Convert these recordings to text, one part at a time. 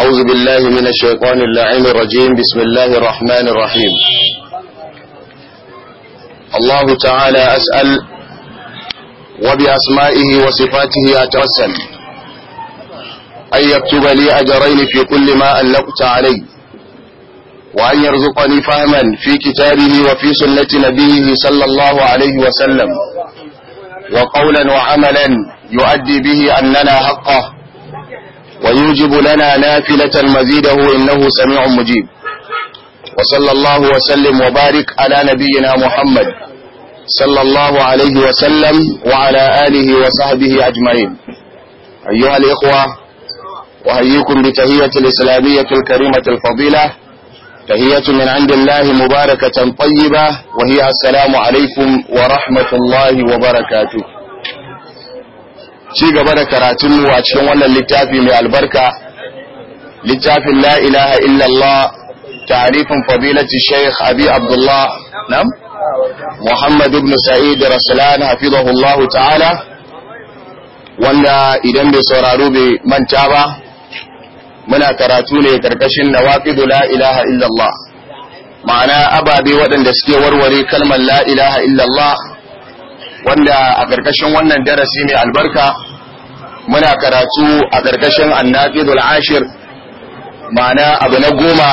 أعوذ بالله من الشيطان اللعين الرجيم بسم الله الرحمن الرحيم الله تعالى أسأل وبأسمائه وصفاته أترسل أن يكتب لي أجرين في كل ما ألقت علي وأن يرزقني فهما في كتابه وفي سنة نبيه صلى الله عليه وسلم وقولا وعملا يؤدي به أننا حقه ويوجب لنا نافلة مزيده إنه سميع مجيب وصلى الله وسلم وبارك على نبينا محمد صلى الله عليه وسلم وعلى آله وصحبه أجمعين أيها الإخوة وهيكم بتهية الإسلامية الكريمة الفضيلة تهية من عند الله مباركة طيبة وهي السلام عليكم ورحمة الله وبركاته ci gaba da karatun mu a cikin wannan littafi mai albarka littafin la ilaha illallah ta'rifin fadilati shaykh abi abdullah nam muhammad ibn sa'id rasulan hafizahullah ta'ala wanda idan bai sauraro bai manta ba muna karatu ne karkashin nawaqidu la ilaha illallah ma'ana ababe waɗanda suke warware kalmar la ilaha illallah wanda a ƙarƙashin wannan darasi mai albarka muna karatu a ƙarƙashin annafidul ashir ma'ana abu na goma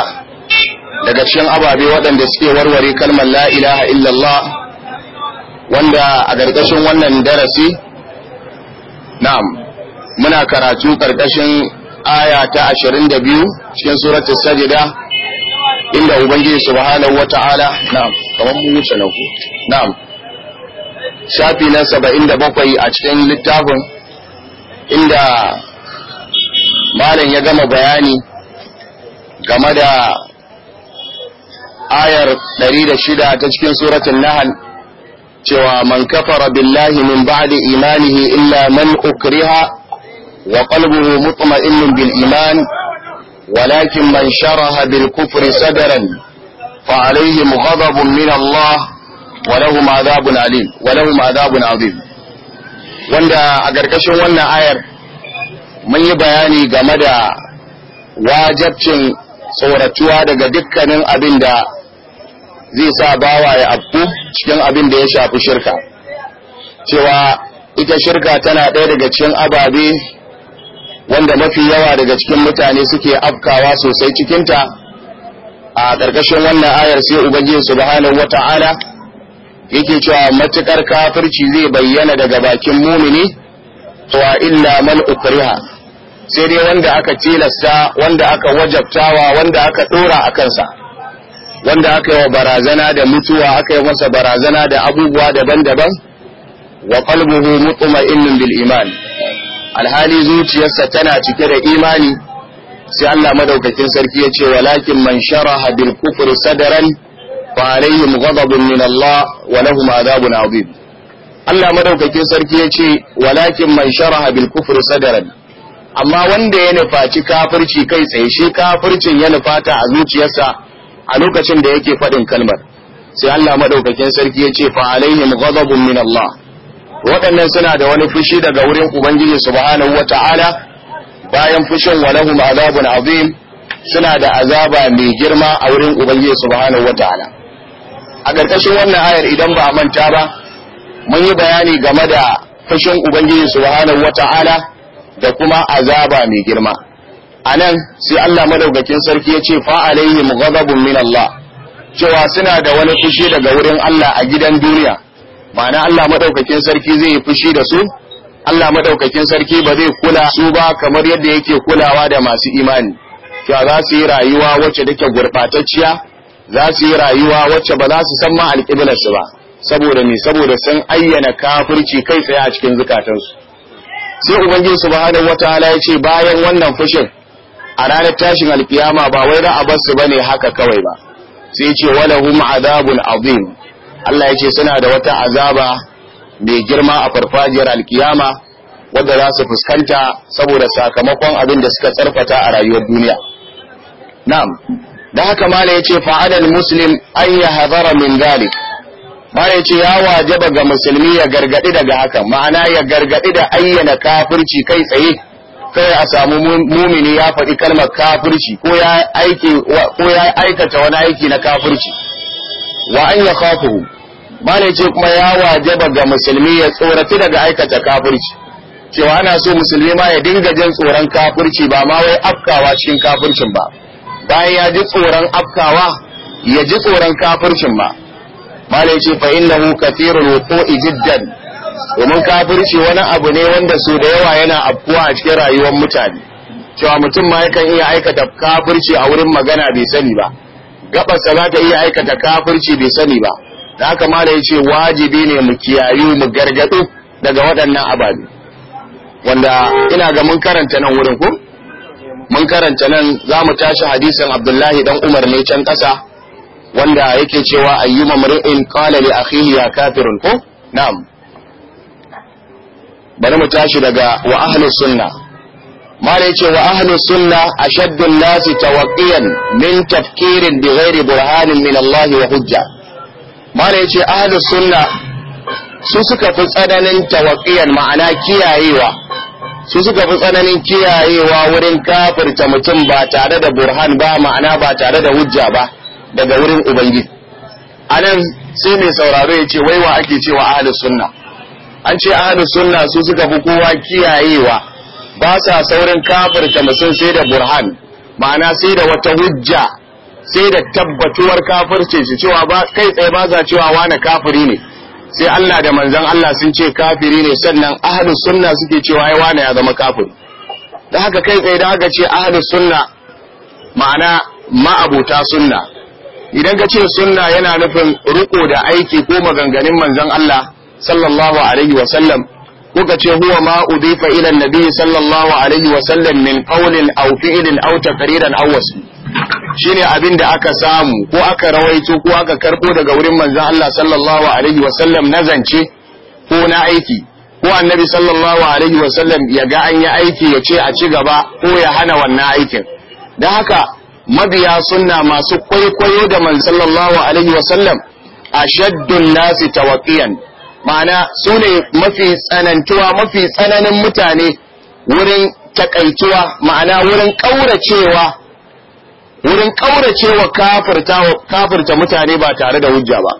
daga cikin ababe waɗanda suke warware kalmar la ilaha illallah wanda a ƙarƙashin wannan darasi na'am muna karatu ƙarƙashin aya ta ashirin da biyu cikin suratul sajda inda ubangiji subhanahu wata'ala na'am kamar mu wuce na ku na'am shafi na saba'in da bakwai a cikin littafin inda malam ya gama bayani game da ayar 106 ta cikin suratun nahal cewa man kafara billahi min ba'di imanihi illa man ukriha wa qalbuhu mutma'innun bil iman walakin man sharaha bil kufri sadaran fa alaihim ghadabun min Allah walahum azabun alim walahum azabun azim wanda a gargashin wannan ayar mun yi bayani game da wajabcin tsoratuwa daga dukkanin abin da zai sa bawa ya afku cikin abin da ya shafi shirka cewa ita shirka tana ɗaya daga cikin ababe wanda mafi yawa daga cikin mutane suke afkawa sosai cikinta a ƙarƙashin wannan ayar sai ubangiji subhanahu wata'ala yake cewa matukar kafirci zai bayyana daga bakin mumini wa illa man ukriha sai dai wanda aka tilasta wanda aka wajabtawa wanda aka dora a kansa wanda aka yi wa barazana da mutuwa aka yi masa barazana da abubuwa daban-daban wa qalbuhu mutma'innun bil iman alhali zuciyarsa tana cike da imani sai Allah madaukakin sarki ya ce walakin man sharaha bil kufri sadaran. فعليهم غضب من الله ولهم عذاب عظيم Allah madaukakin sarki ya ce walakin man shara bil kufur sadaran amma wanda ya nufaci kafirci kai tsaye shi kafircin ya nufata a zuciyarsa a lokacin da yake faɗin kalmar sai Allah madaukakin sarki ya ce fa alaihim min Allah waɗannan suna da wani fushi daga wurin ubangiji subhanahu Ta'ala. bayan fushin walahum azabun azim suna da azaba mai girma a wurin ubangiji subhanahu Ta'ala. a ƙarƙashin wannan ayar idan ba a manta ba mun yi bayani game da fushin ubangiji subhanahu wata'ala da kuma azaba mai girma a nan sai Allah madaukakin sarki ya ce fa mu ghadabun min Allah cewa suna da wani fushi daga wurin Allah a gidan duniya ma'ana Allah madaukakin sarki zai yi fushi da su Allah madaukakin sarki ba zai kula su ba kamar yadda yake kulawa da masu imani cewa za su yi rayuwa wacce take gurɓatacciya za su yi rayuwa wacce ba za su san ma alƙiblarsu ba saboda me saboda sun ayyana kafirci kai tsaye a cikin zukatansu sai ubangiji wata wata ya ce bayan wannan fushin a ranar tashin alkiyama ba wai ra'a basu bane haka kawai ba sai ya ce walahum azabun azim Allah ya ce suna da wata azaba mai girma a farfajiyar alkiyama wadda za su fuskanta saboda sakamakon abin da suka tsarfata a rayuwar duniya na'am da haka mala ya ce fa'adal muslim an ya hazara min zalik mala ya ce ya wajaba ga musulmi ya gargadi daga haka ma'ana ya gargadi da ayyana kafirci kai tsaye kai a samu mumini ya faɗi kalmar kafirci ko ya aikata wani aiki na kafirci wa an ya kafuhu mala ya ce kuma ya wajaba ga musulmi ya tsorati daga aikata kafirci cewa ana so musulmi ma ya dinga jin tsoron kafirci ba ma wai afkawa cikin kafircin ba bayan ya ji tsoron afkawa ya ji tsoron kafircin ba malai ce fa hu kathirul wuqu'i jiddan domin kafirci wani abu ne wanda su da yawa yana afkuwa a cikin rayuwar mutane cewa mutum ma yakan iya aikata kafirci a wurin magana bai sani ba gabarsa za ta iya aikata kafirci bai sani ba da haka malai ya ce wajibi ne mu kiyayu mu gargadu daga waɗannan ababe wanda ina ga mun karanta nan wurin ku mun karanta nan za mu tashi hadisin abdullahi dan umar ne can ƙasa, wanda yake cewa ayyuma mri'in qala li akhihi ya kafirun ko na'am bari mu tashi daga wa ahli sunna mala yace wa ahli sunna ashaddu an-nas min tafkirin ghairi burhanin min Allah wa hujja mala yace ahli sunna su suka fi tsananin tawqiyan ma'ana kiyayewa su suka fi tsananin kiyayewa wurin kafirta mutum ba tare da burhan ba ma'ana ba tare da hujja ba daga wurin ubangiji anan sai mai sauraro ya ce waiwa ake cewa ahlus sunna an ce ahlus sunna su suka fi kowa kiyayewa ba sa saurin kafirta mutum sai da burhan ma'ana sai da wata hujja sai da tabbatuwar kafirce su cewa kai tsaye ba za cewa wani kafiri ne sai Allah da manzan Allah sun ce kafiri ne sannan ahadu sunna suke cewa ai wane ya zama kafin. da haka kai tsaye da haka ce ahadu sunna ma'ana ma'abuta sunna idan ka ce sunna yana nufin riko da aiki ko maganganun manzan Allah sallallahu alaihi wa ko ka ce huwa ma udifa ila nabi sallallahu alaihi wa sallam min qawlin aw fi'lin aw taqriran aw shine abin da aka samu ko aka rawaito ko aka karbo daga wurin manzon Allah sallallahu alaihi wasallam na zance ko na aiki ko annabi sallallahu alaihi wasallam ya ga an yi aiki ya ce a ci gaba ko ya hana wannan aikin Da haka mabiya sunna masu kwaikwayo da man sallallahu alaihi wasallam ashaddun nasi tawaqiyan ma'ana sune mafi tsanantuwa mafi tsananin mutane wurin takaituwa ma'ana wurin kauracewa wurin ƙauracewa kafirta mutane ba tare da hujja ba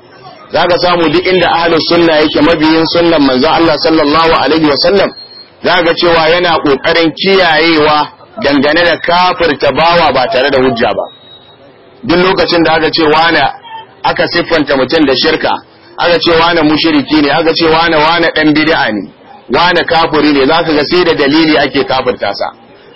za ka samu duk inda ahlus sunna yake mabiyin sunnan manzo Allah sallallahu alaihi wa sallam za ka cewa yana kokarin kiyayewa dangane da kafirta bawa ba tare da hujja ba duk lokacin da aka ce wani aka siffanta mutum da shirka aka ce wani mushriki ne aka ce wani wani dan bid'a ne wani kafiri ne za ga sai da dalili ake kafirta sa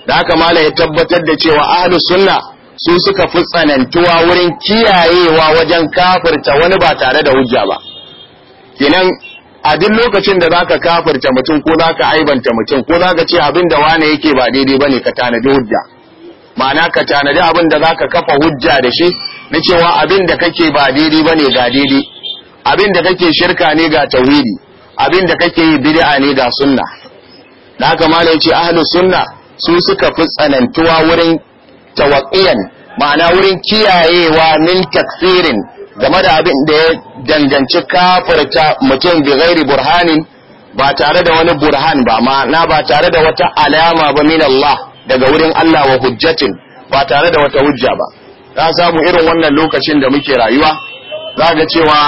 da haka mala ya tabbatar da cewa ahlus sunna su suka fi tsanantuwa wurin kiyayewa wajen kafirta wani ba tare da hujja ba kenan a duk lokacin da zaka kafirta mutum ko zaka aibanta mutum ko zaka ce abin da wane yake ba daidai bane ka tanadi hujja ma'ana ka tanadi abin da zaka kafa hujja da shi na cewa abin da kake ba daidai bane ga daidai abin da kake shirka ne ga tauhidi abin da kake yi bid'a ne ga sunna da haka malai ce ahlus sunna su suka fi tsanantuwa wurin tawaqiyan ma'ana wurin kiyayewa min taksirin game da abin da ya danganci kafirta mutum bi ghairi burhanin ba tare da wani burhan ba ma'ana ba tare da wata alama ba min Allah daga wurin Allah wa hujjatin ba tare da wata hujja ba ka samu irin wannan lokacin da muke rayuwa za ga cewa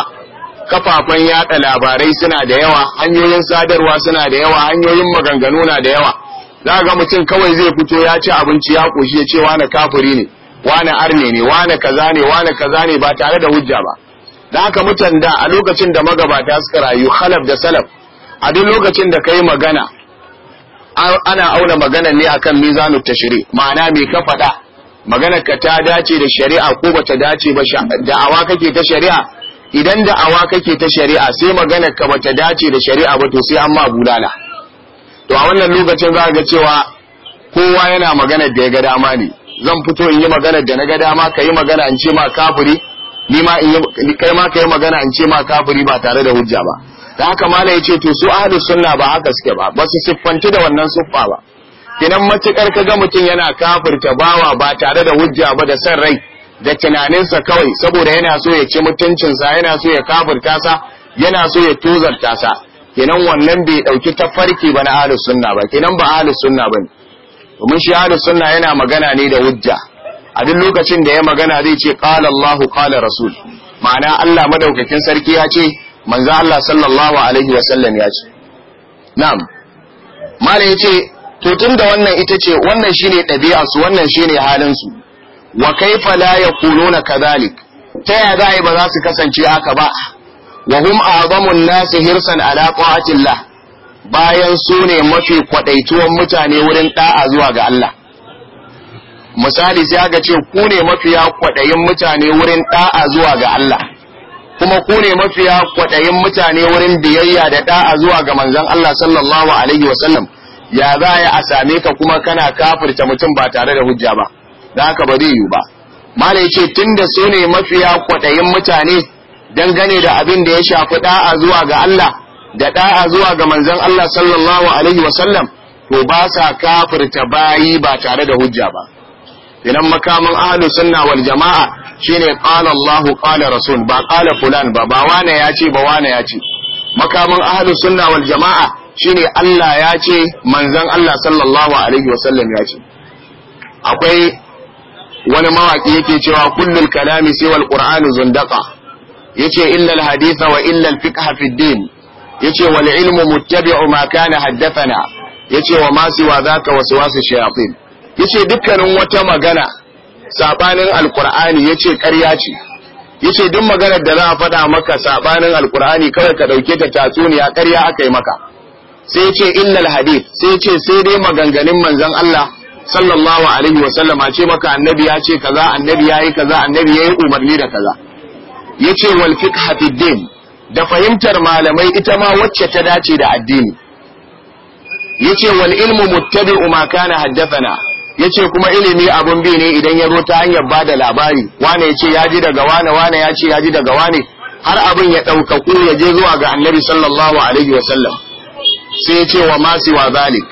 kafafen yada labarai suna da yawa hanyoyin sadarwa suna da yawa hanyoyin maganganu na da yawa za ga mutum kawai zai fito ya ci abinci ya koshi ya ce wani kafiri ne wani arne ne wani kaza ne wani kaza ne ba tare da hujja ba da haka mutan da a lokacin da magabata suka rayu halaf da salaf a duk lokacin da kai magana ana auna magana ne akan mizanu tashri ma'ana me ka faɗa magana ka ta dace da shari'a ko bata dace ba da'awa kake ta shari'a idan da'awa kake ta shari'a sai maganar ka ta dace da shari'a ba to sai an ma bulala to a wannan lokacin za ga cewa kowa yana magana da ya ga dama ne zan fito in yi magana da na ga dama ka yi magana in ce ma kafiri ni ma in kai ma ka yi magana in ce ma kafiri ba tare da hujja ba da haka mala ya ce to su ahlus sunna ba haka suke ba ba su siffanci da wannan siffa ba kinan matukar ka ga mutum yana kafirta bawa ba tare da hujja ba da san rai da tunaninsa kawai saboda yana so ya ci mutuncinsa yana so ya kafirta sa yana so ya tozarta sa kenan wannan bai ɗauki tafarki ba na ahlus sunna ba kenan ba ahlus sunna bane domin shi ahlus sunna yana magana ne da hujja a duk lokacin da ya magana zai ce qala Allah qala rasul ma'ana Allah madaukakin sarki ya ce manzo Allah sallallahu alaihi wa sallam ya ce na'am malai ya ce to tunda wannan ita ce wannan shine ɗabi'a su wannan shine halin su wa kaifa la yaquluna kadhalik ta ya za ba za su kasance haka ba wa hum azamun nasi hirsan ala qa'atillah bayan su ne mafi kwadaituwan mutane wurin ɗa'a zuwa ga Allah misali sai aka ce ku ne mafiya kwadayin mutane wurin ɗa'a zuwa ga Allah kuma ku ne mafiya kwadayin mutane wurin biyayya da ɗa'a zuwa ga manzon Allah sallallahu alaihi wasallam ya za a same ka kuma kana kafirta mutum ba tare da hujja ba da haka ba zai yiwu ba mala yace tunda su ne mafiya kwadayin mutane dangane da abin da ya shafi da'a zuwa ga Allah da da'a zuwa ga manzon Allah sallallahu alaihi wasallam to ba sa kafirta bayi ba tare da hujja ba idan makamin ahlus sunna wal jama'a shine qala Allah qala rasul ba qala fulan ba ba wane ya ce ba wane ya ce makamin ahlus sunna wal jama'a shine Allah ya ce manzon Allah sallallahu alaihi wasallam ya ce akwai wani mawaki yake cewa kullul kalami sai wal qur'anu zundaqa yace illal haditha wa illal fiqha fi din yace wal ilmu muttabi'u ma kana haddathana yace wa ma siwa zaka waswasu shayatin yace dukkanin wata magana sabanin alqur'ani yace ƙarya ce yace duk maganar da za a faɗa maka sabanin alqur'ani kawai ka dauke ta tatsuniya ƙarya aka yi maka sai yace illal hadith sai yace sai dai maganganun manzon Allah sallallahu alaihi wasallam a ce maka annabi ya ce kaza annabi yayi kaza annabi yayi umarni da kaza yace wal fiqh fi din da fahimtar malamai ita ma wacce ta dace da addini yace wal ilmu muttabi'u ma kana haddathana yace kuma ilimi abun bi ne idan ya zo ta hanyar bada labari wane yace ya ji daga wane wane ya ce ya ji daga wane har abin ya ɗaukaku ya je zuwa ga annabi sallallahu alaihi wasallam sai ya ce wa masu wa zalik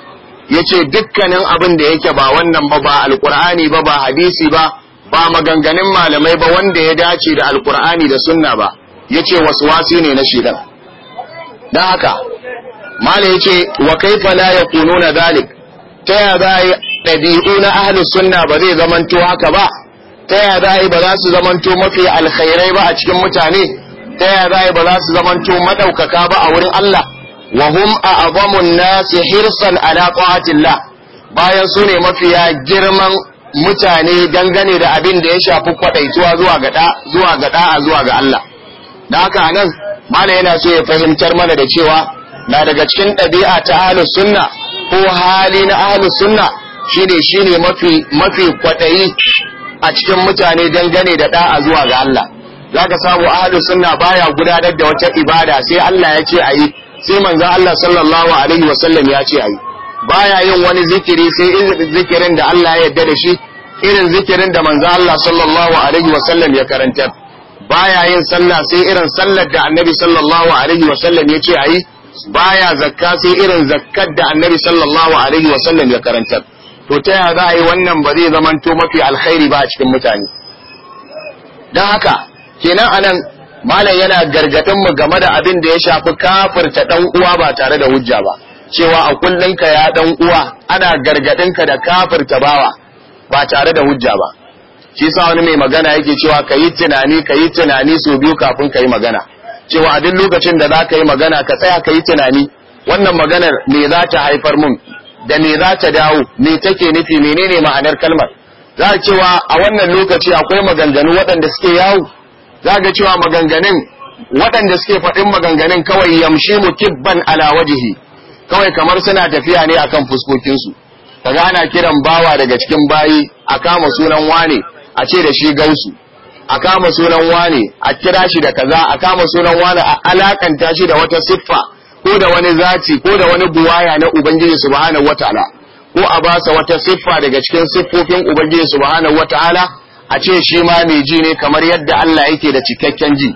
yace dukkanin abin da yake ba wannan ba ba alkur'ani ba ba hadisi ba ba maganganun malamai ba wanda ya dace da alkur'ani da sunna ba ya yace waswasi ne na shidan don haka mala yace wa ya kuno na dhalik ta ya za yi ɗabi'u na ahalin sunna ba zai zamanto haka ba ta ya za yi ba za su zamanto mafi alkhairai ba a cikin mutane ta ya za yi ba za su zamanto maɗaukaka ba a wurin Allah wa hum abamun nasi hirsan ala ta'atillah bayan su ne mafiya girman mutane dangane da abin da ya shafi kwaɗaituwa zuwa ga zuwa ga zuwa ga Allah da haka nan malam yana so ya fahimtar mana da cewa na daga cikin ɗabi'a ta ahlus sunna ko hali na ahlus sunna shine shine mafi mafi a cikin mutane dangane da da'a zuwa ga Allah zaka samu ahlus sunna baya gudanar da wata ibada sai Allah ya ce ayi sai manzo Allah sallallahu alaihi wasallam ya ce ayi baya yin wani zikiri sai zikirin da Allah ya yarda da shi irin zikirin da manzo Allah sallallahu alaihi wa ya karantar baya yin sallah sai irin sallar da annabi sallallahu alaihi wa ya ce ayi baya zakka sai irin zakkar da annabi sallallahu alaihi wa ya karantar to ta yaya za a yi wannan ba zai zamanto mafi alkhairi ba a cikin mutane don haka kenan anan malam yana gargadin mu game da abin da ya shafi kafirta dan uwa ba tare da hujja ba cewa a kullunka ya dan uwa ana ka da kafirta bawa ba tare da hujja ba shi sa wani mai magana yake cewa ka yi tunani ka yi tunani sau biyu kafin ka yi magana cewa a duk lokacin da za ka yi magana ka tsaya ka yi tunani wannan maganar me za ta haifar mun da me za ta dawo me take nufi menene ma'anar kalmar za a cewa a wannan lokaci akwai maganganu waɗanda suke yawo za ga cewa maganganun waɗanda suke faɗin maganganun kawai yamshi mu kibban ala wajihi kawai kamar suna tafiya ne akan fuskokinsu kaga ana kiran bawa daga cikin bayi a kama sunan wane a ce da shi gausu a kama sunan wane a kira shi da kaza a kama sunan wane a alakanta shi da wata siffa ko da wani zaci ko da wani buwaya na ubangiji subhanahu wataala ko a basa wata siffa daga cikin siffofin ubangiji subhanahu wataala a ce shi ma mai ji ne kamar yadda Allah yake da cikakken ji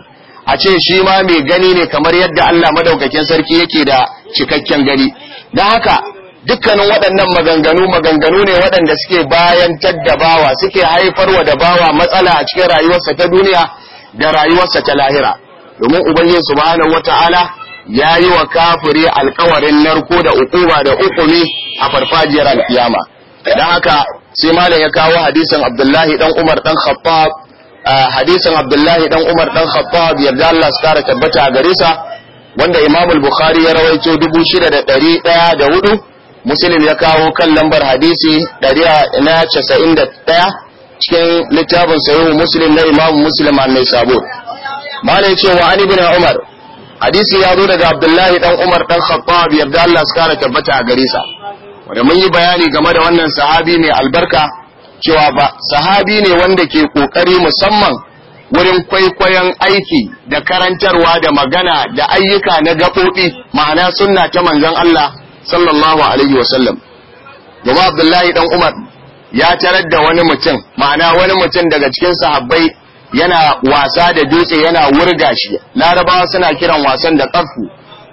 a ce shi ma mai gani ne kamar yadda Allah madaukakin sarki yake da cikakken gari don haka dukkanin waɗannan maganganu maganganu ne waɗanda suke bayan da suke haifarwa da bawa matsala a cikin rayuwarsa ta duniya da rayuwarsa ta lahira domin ubangiji subhanahu wataala ya yi wa kafiri alkawarin narko da ukuwa da ukumi a farfajiyar alkiyama don haka sai malam ya kawo hadisin abdullahi ɗan umar ɗan khattab ah, hadisin abdullahi dan umar dan khattab Allah su tabbata a gare sa wanda Imam al-Bukhari ya rawaito 6104 Muslim ya kawo kan lambar hadisi 191 cikin littafin sahihu Muslim na Imam Muslim an Sabo. malai cewa an ibn Umar hadisi ya zo daga Abdullahi dan Umar dan Khattab yadda Allah ya kare tabbata a gare sa wanda mun yi bayani game da wannan sahabi mai albarka cewa ba sahabi ne wanda ke kokari musamman wurin kwaikwayon aiki da karantarwa da magana da ayyuka na gaɓoɓi ma'ana sunna ta manzon Allah sallallahu alaihi wa sallam. gaba Abdullahi dan Umar ya tarar da wani mutum ma'ana wani mutum daga cikin sahabbai yana wasa da dutse yana wurga shi larabawa suna kiran wasan da ƙarfu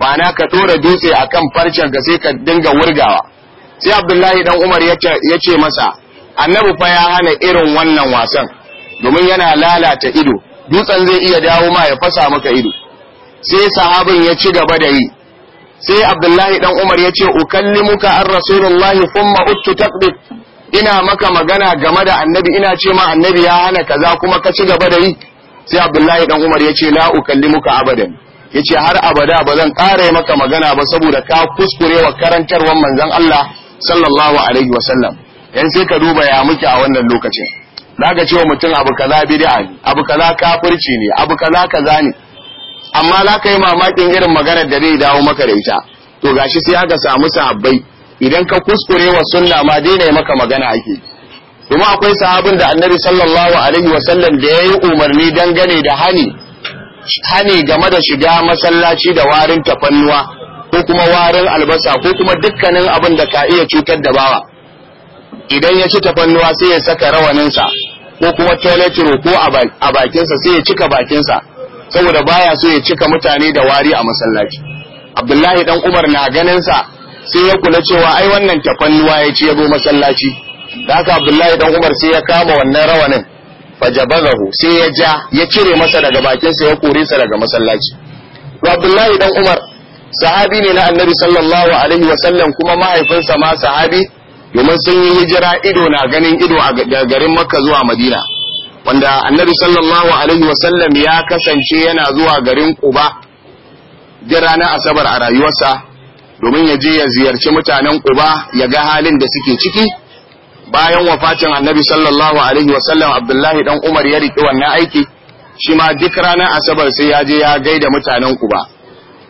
ma'ana ka ɗora dutse akan farcen ka sai ka dinga wurgawa sai Abdullahi dan Umar ya ce masa annabi fa ya hana irin wannan wasan domin yana lalata ido dutsen zai iya dawo ma ya fasa maka ido sai sahabin ya ci gaba da yi sai abdullahi dan umar ya ce ukallimuka an rasulullahi thumma uttu takbir ina maka magana game da annabi ina ce ma annabi ya hana kaza kuma ka ci gaba da yi sai abdullahi dan umar ya ce la ukallimuka abadan ya ce har abada ba zan ƙara maka magana ba saboda ka kuskure wa karantarwar manzon Allah sallallahu alaihi wasallam yan sai ka duba ya muke a wannan lokacin zaka ce wa mutum abu kaza bid'a ne abu kaza kafirci ne abu kaza kaza ne amma za ka yi mamakin irin maganar da zai dawo maka da ita to gashi sai aka samu sahabbai idan ka kuskure wa sunna ma daina maka magana ake kuma akwai sahabin da annabi sallallahu alaihi wa sallam da yayi umarni dangane da hani hani game da shiga masallaci da warin tafannuwa ko kuma warin albasa ko kuma dukkanin abin da ka iya cutar da bawa idan ya ci tafannuwa sai ya saka rawaninsa ko kuma toiletiro ko a bakinsa sai ya cika bakinsa saboda baya so ya cika mutane da wari a masallaci abdullahi dan umar na ganin sa sai ya kula cewa ai wannan tafannuwa ya ci ya zo masallaci da haka abdullahi dan umar sai ya kama wannan rawanin fajabazahu sai ya ja ya cire masa daga bakinsa ya kore sa daga masallaci to abdullahi dan umar sahabi ne na annabi sallallahu alaihi wasallam kuma mahaifinsa ma sahabi domin sun yi hijira ido na ganin ido da garin makka zuwa madina wanda annabi sallallahu alaihi wasallam ya kasance yana zuwa garin quba jira na asabar a rayuwarsa domin ya je ya ziyarci mutanen quba ya ga halin da suke ciki bayan wafatin annabi sallallahu alaihi wasallam abdullahi dan umar ya riƙe wannan aiki shi ma duk ranar asabar sai ya je ya gaida mutanen quba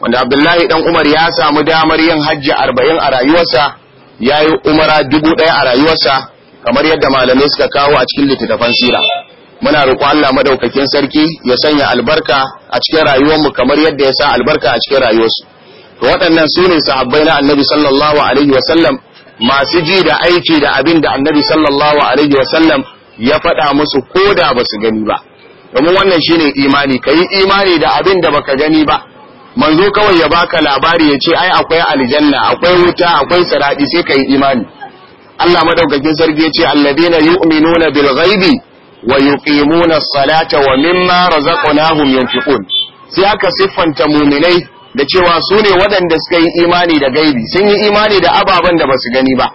wanda abdullahi dan umar ya samu damar yin hajji arba'in a rayuwarsa ya yi umara dubu ɗaya a rayuwarsa kamar yadda malamai suka kawo a cikin littattafan sira muna roƙo Allah madaukakin sarki ya sanya albarka a cikin rayuwarmu kamar yadda ya sa albarka a cikin rayuwarsu to waɗannan su ne sahabbai na annabi sallallahu alaihi wa sallam masu ji da aiki da abin da annabi sallallahu alaihi wa sallam ya faɗa musu ko da ba su gani ba domin wannan shine imani kayi imani da abin da baka gani ba manzo kawai ya baka labari ya ce ai akwai aljanna akwai wuta akwai saradi sai ka yi imani Allah madaukakin sarki ya ce alladina yu'minuna bil ghaibi wa yuqimuna as-salata wa mimma razaqnahum yunfiqun sai aka siffanta muminai da cewa su ne waɗanda suka yi imani da gaibi sun yi imani da ababen da basu gani ba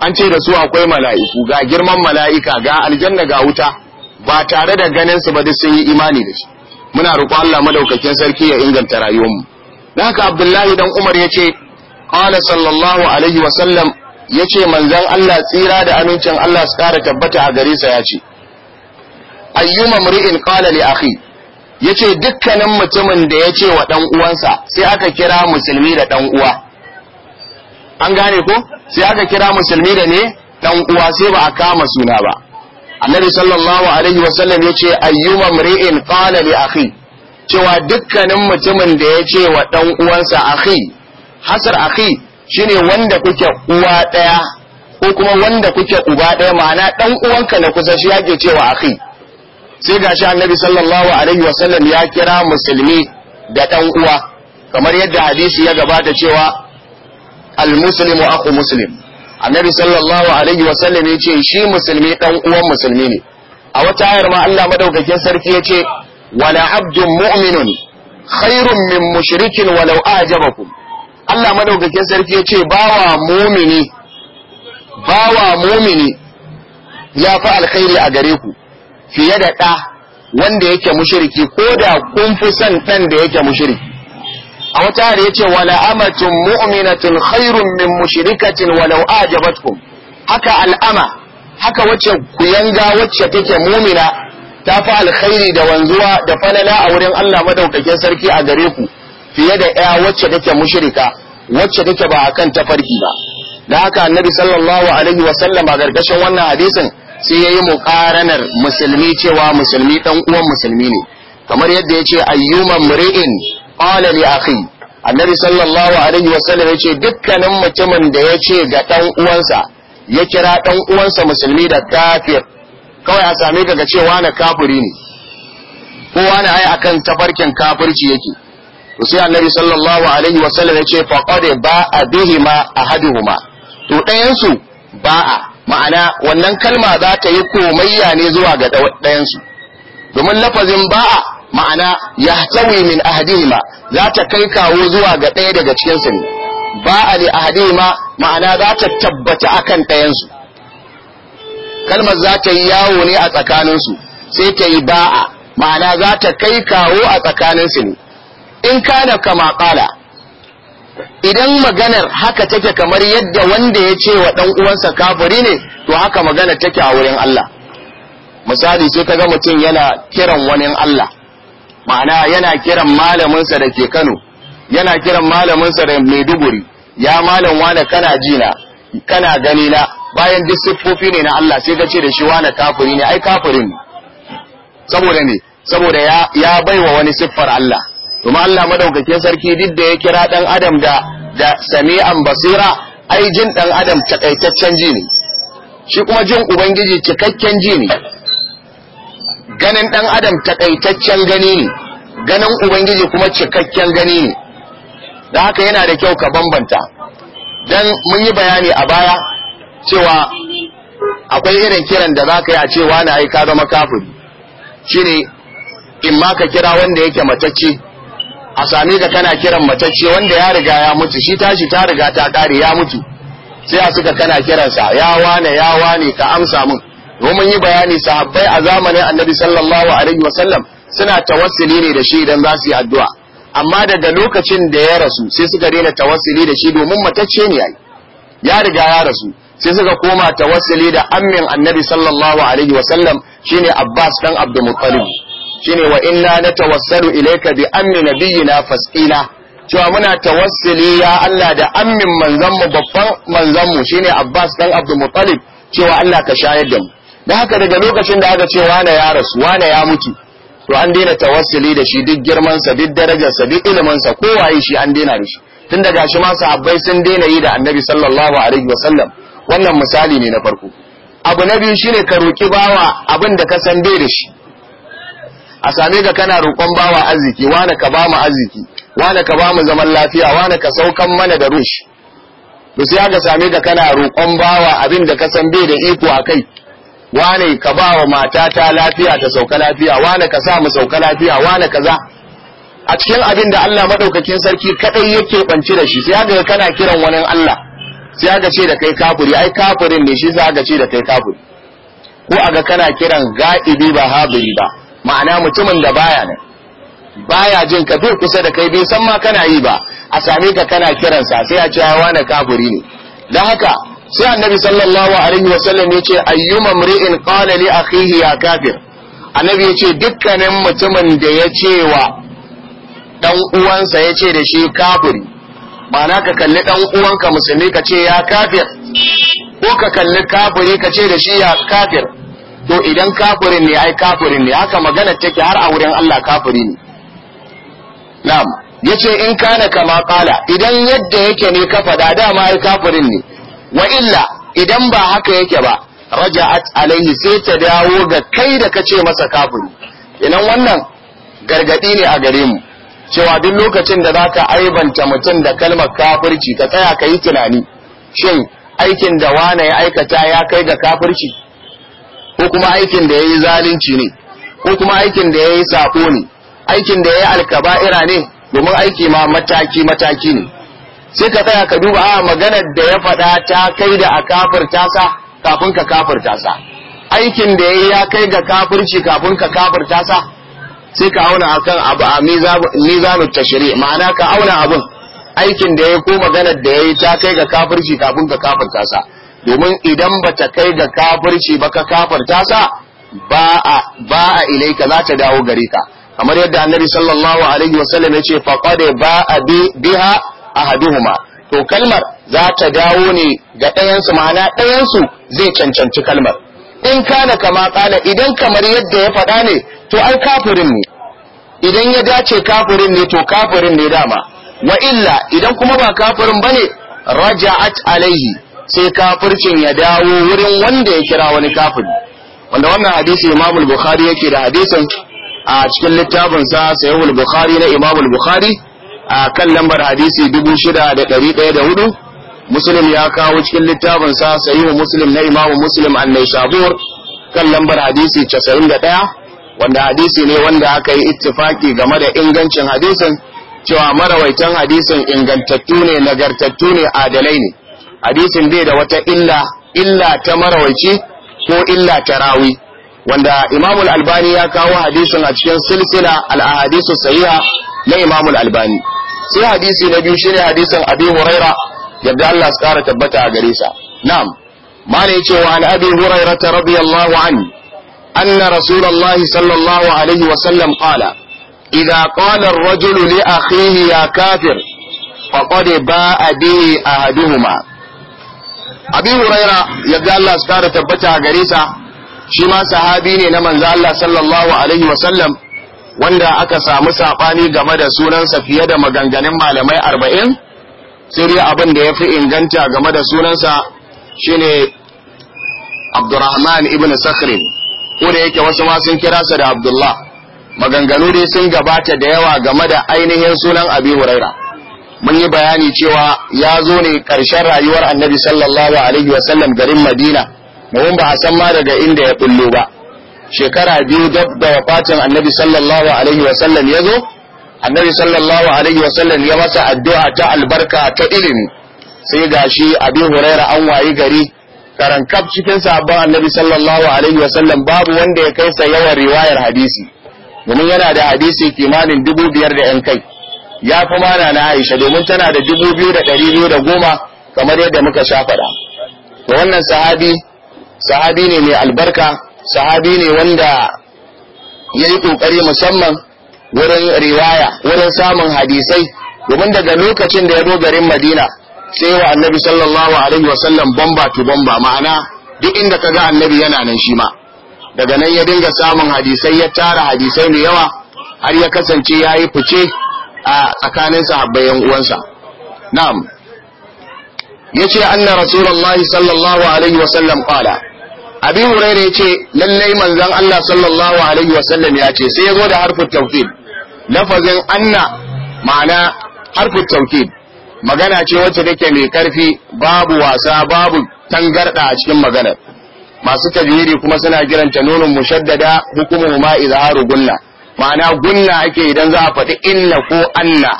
an ce da su akwai mala'iku ga girman mala'ika ga aljanna ga wuta ba tare da ganin su ba duk sun yi imani da shi muna roƙo Allah madaukakin sarki ya inganta rayuwarmu dan haka Abdullahi dan Umar yace qala sallallahu alaihi wa sallam yace manzon Allah tsira da amincin Allah su kara tabbata a gare sa yace ayyuma mri'in qala li akhi yace dukkanin mutumin da yace wa dan uwansa sai aka kira musulmi da dan uwa an gane ko sai aka kira musulmi da ne dan uwa sai ba a kama suna ba annabi sallallahu alaihi wasallam yace ayyuma mri'in qala li akhi cewa dukkanin mutumin da ya ce wa dan uwansa akhi hasar akhi shine wanda kuke uwa daya ko kuma wanda kuke uba daya ma'ana dan uwanka na kusa shi yake cewa akhi sai gashi annabi sallallahu alaihi wasallam ya kira musulmi da dan uwa kamar yadda hadisi ya gabata cewa al muslimu akhu muslim annabi sallallahu alaihi wasallam ya ce shi musulmi dan uwan musulmi ne a wata ayar ma Allah madaukakin sarki ya ce wala abdun mu'minun khairun min mushrikin walau ajabakum Allah madaukakin sarki ya ce bawa mumini bawa mumini ya fi alkhairi a gare ku fiye da ɗa wanda yake mushriki ko da kun fi son ɗan da yake mushriki a wata hari yace wala amatun mu'minatun khairun min mushrikatin walau ajabatkum haka al'ama haka wacce yanga wacce take mu'mina ta fi alkhairi da wanzuwa da falala a wurin Allah madaukakin sarki a gare ku fiye da ya wacce take mushrika wacce take ba akan tafarki ba da haka annabi sallallahu alaihi wa sallam a gargashin wannan hadisin sai yayi muqaranar musulmi cewa musulmi dan uwan musulmi ne kamar yadda yace ayyuman mri'in qala li akhi annabi sallallahu alaihi wasallam yace dukkanin mutumin da yace ga dan uwansa ya kira dan uwansa musulmi da kafir kawai a same ka ga cewa na kafiri ne kowa na ai akan tafarkin kafirci yake to sai annabi sallallahu alaihi wasallam yace faqad ba'a bihima ahaduhuma to dayan su ba'a ma'ana wannan kalma za ta yi komayya ne zuwa ga dayan su domin lafazin ba'a ma'ana ya yahtawi min ahadihima za ta kai kawo zuwa ga ɗaya daga cikin su ne ba a li ahadihima ma'ana za ta tabbata akan ɗayan su kalmar za ta yi yawo ne a tsakaninsu sai ta yi ba'a ma'ana za ta kai kawo a tsakaninsu ne in kana kama kala idan maganar haka take kamar yadda wanda ya ce wa ɗan uwansa kafiri ne to haka maganar take a wurin Allah misali sai ta ga mutum yana kiran wani Allah ma'ana yana kiran malaminsa da ke Kano yana kiran malaminsa da Maiduguri ya malam wane kana jina kana gani na bayan duk siffofi ne na Allah sai ka ce da shi wane kafiri ne ai kafiri ne saboda ne saboda ya ya baiwa wani siffar Allah kuma Allah madaukakin sarki duk da ya kira dan adam da da sami'an basira ai jin dan adam takaitaccen jini, shi kuma jin ubangiji cikakken jini. ganin ɗan adam takaitaccen gani ne ganin ubangiji kuma cikakken gani ne da haka yana da kyau ka bambanta dan mun yi bayani a baya cewa akwai irin kiran da za ka yi a cewa na ka zama kafiri shine in ma ka kira wanda yake matacce a sami da kana kiran matacce wanda ya riga ya mutu shi tashi ta riga ta kare ya mutu sai a suka kana kiransa ya wane ya wane ka amsa mun mun yi bayani sahabbai a zamanin annabi sallallahu alaihi wasallam suna tawassuli ne da shi idan za su yi addu'a amma daga lokacin da ya rasu sai suka daina tawassuli da shi domin matacce ne yayi ya riga ya rasu sai suka koma tawassuli da ammin annabi sallallahu alaihi wasallam shine Abbas dan Abdul Muttalib shine wa inna natawassalu ilayka bi ammi nabiyyina fasqina cewa muna tawassuli ya Allah da ammin manzon mu babban manzon mu shine Abbas dan Abdul Muttalib cewa Allah ka shayar da mu da haka daga lokacin da aka ce wane ya rasu wane ya mutu to an daina tawassuli da shi duk girmansa duk darajarsa duk iliminsa kowaye shi an daina da shi tun da shi ma sahabbai sun daina yi da annabi sallallahu alaihi wasallam wannan misali ne na farko abu na biyu shine ka roki bawa abin da ka san bai da shi a same ka kana roƙon bawa arziki wane ka bamu arziki wane ka bamu zaman lafiya wane ka saukan mana da rush to sai aka same ka kana roƙon bawa abin da ka san bai da iko kai. wane ka ba wa matata lafiya ta sauka lafiya wane ka sa mu sauka lafiya wane kaza a cikin abin da Allah madaukakin sarki kadai yake banci da shi sai ga kana kiran wani Allah sai ga ce da kai kafiri ai kafirin ne shi sai ga ce da kai kafiri ko aga kana kiran ga'ibi ba habiri ba ma'ana mutumin da baya ne baya jin ka bai kusa da kai bai san ma kana yi ba a same ka kana kiransa sai a ce wane kafiri ne dan haka sai annabi sallallahu alaihi wasallam ya ce ayyuma mri'in qala li akhihi ya kafir annabi yace dukkanin mutumin da ya ce wa dan uwansa ya ce da shi kafiri ma'ana ka kalli dan uwanka musulmi ka ce ya kafir ko ka kalli kafiri ka ce da shi ya kafir to idan kafirin ne ai kafirin ne haka magana take har a wurin Allah kafiri ne na'am yace in kana kama kala idan yadda yake ne ka fada dama ai kafirin ne wa illa idan ba haka yake ba raja'at alaihi sai ta dawo ga kai da kace masa kafiri idan wannan gargadi ne a gare mu cewa duk lokacin da za ka aibanta mutum da kalmar kafirci ka tsaya ka yi tunani shin aikin da wane ya aikata ya kai ga kafirci ko kuma aikin da ya zalunci ne ko kuma aikin da yayi yi sako ne aikin da yayi alkaba'ira ne domin aiki ma mataki mataki ne sai ka tsaya ka duba a ah, maganar da ya faɗa ta kai da a kafirta sa kafin ka kafirta sa aikin da ya yi ya kai ga kafirci kafin ka kafirta sa sai ka auna akan abu a mizanu tashri ma'ana ka auna abun aikin da yayi ko maganar da ya yi ta kai ga kafirci kafin ka kafirta sa domin idan ba ta kai ga kafirci ba ka kafirta sa ba a ba a za ta dawo gare ka kamar yadda annabi sallallahu alaihi wasallam ya ce faqad ba'a biha ahaduhuma to kalmar za ta dawo ne ga ɗayansu ma'ana ɗayansu zai cancanci kalmar in kana kama kana idan kamar yadda ya faɗa ne to ai kafirin ne idan ya dace kafirin ne to kafirin ne dama wa illa idan kuma ba kafirin bane raja'at alaihi sai kafircin ya dawo wurin wanda ya kira wani kafiri wanda wannan hadisi Imam Bukhari yake da hadisin a cikin littafin sa Sahih Bukhari na Imam Bukhari a kan lambar hadisi dubu shida da ɗari ɗaya da hudu muslim ya kawo cikin littafin sa sahihu muslim na imamu muslim annai shabur kan lambar hadisi casa'in da ɗaya wanda hadisi ne wanda aka yi ittifaki game da ingancin hadisin cewa marawaitan hadisin ingantattu ne nagartattu ne adalai ne hadisin bai da wata illa illa ta marawaici ko illa ta rawi wanda imamul albani ya kawo hadisin a cikin silsila al-ahadisu sahiha na imamul albani sai hadisi na biyu shine hadisin abi huraira yadda Allah ya kara tabbata a gare sa na'am mala yace wa an abi huraira radiyallahu an anna rasulullah sallallahu alaihi wa sallam qala idza qala ar-rajul li akhihi ya kafir faqad ba'a bi ahaduhuma abi huraira yadda Allah ya kara tabbata a gare sa shi ma sahabi ne na manzo Allah sallallahu alaihi wa sallam wanda aka samu saɓani game da sunansa fiye da maganganun malamai arba'in sai dai abin da ya fi inganta game da sunansa shine abdurrahman ibn sakhri ko da yake wasu ma sun kira sa da abdullah maganganu dai sun gabata da yawa game da ainihin sunan abi huraira mun yi bayani cewa ya zo ne ƙarshen rayuwar annabi sallallahu alaihi wasallam garin madina mun ba a san ma daga inda ya bullo ba shekara biyu dab da wafatin annabi sallallahu alaihi sallam ya zo annabi sallallahu alaihi sallam ya masa addu'a ta albarka ta ilimi sai gashi abin huraira an wayi gari karan kaf cikin sabon annabi sallallahu alaihi sallam babu wanda ya kai sa yawan riwayar hadisi domin yana da hadisi kimanin dubu biyar da yan kai ya fi mana na aisha domin tana da dubu biyu da ɗari biyu da goma kamar yadda muka sha faɗa wannan sahabi sahabi ne mai albarka sahabi ne wanda ya yi ƙoƙari musamman wurin riwaya wurin samun hadisai domin daga lokacin da ya zo garin madina sai wa annabi sallallahu alaihi wasallam bamba tu bamba ma'ana duk inda ka ga annabi yana nan shi ma daga nan ya dinga samun hadisai ya tara hadisai da yawa har ya kasance ya yi fice a tsakanin sahabbai yan uwansa na'am yace anna rasulullahi sallallahu alaihi wasallam qala abi huraira yace lallai manzon Allah sallallahu alaihi wasallam ya ce sai yazo da harfin tawkid lafazin anna ma'ana harfin tawkid magana ce wacce take mai karfi babu wasa babu tangarɗa a cikin maganar masu tajwidi kuma suna kiranta nunun mushaddada hukumu ma izharu gunna ma'ana gunna ake idan za a faɗi inna ko anna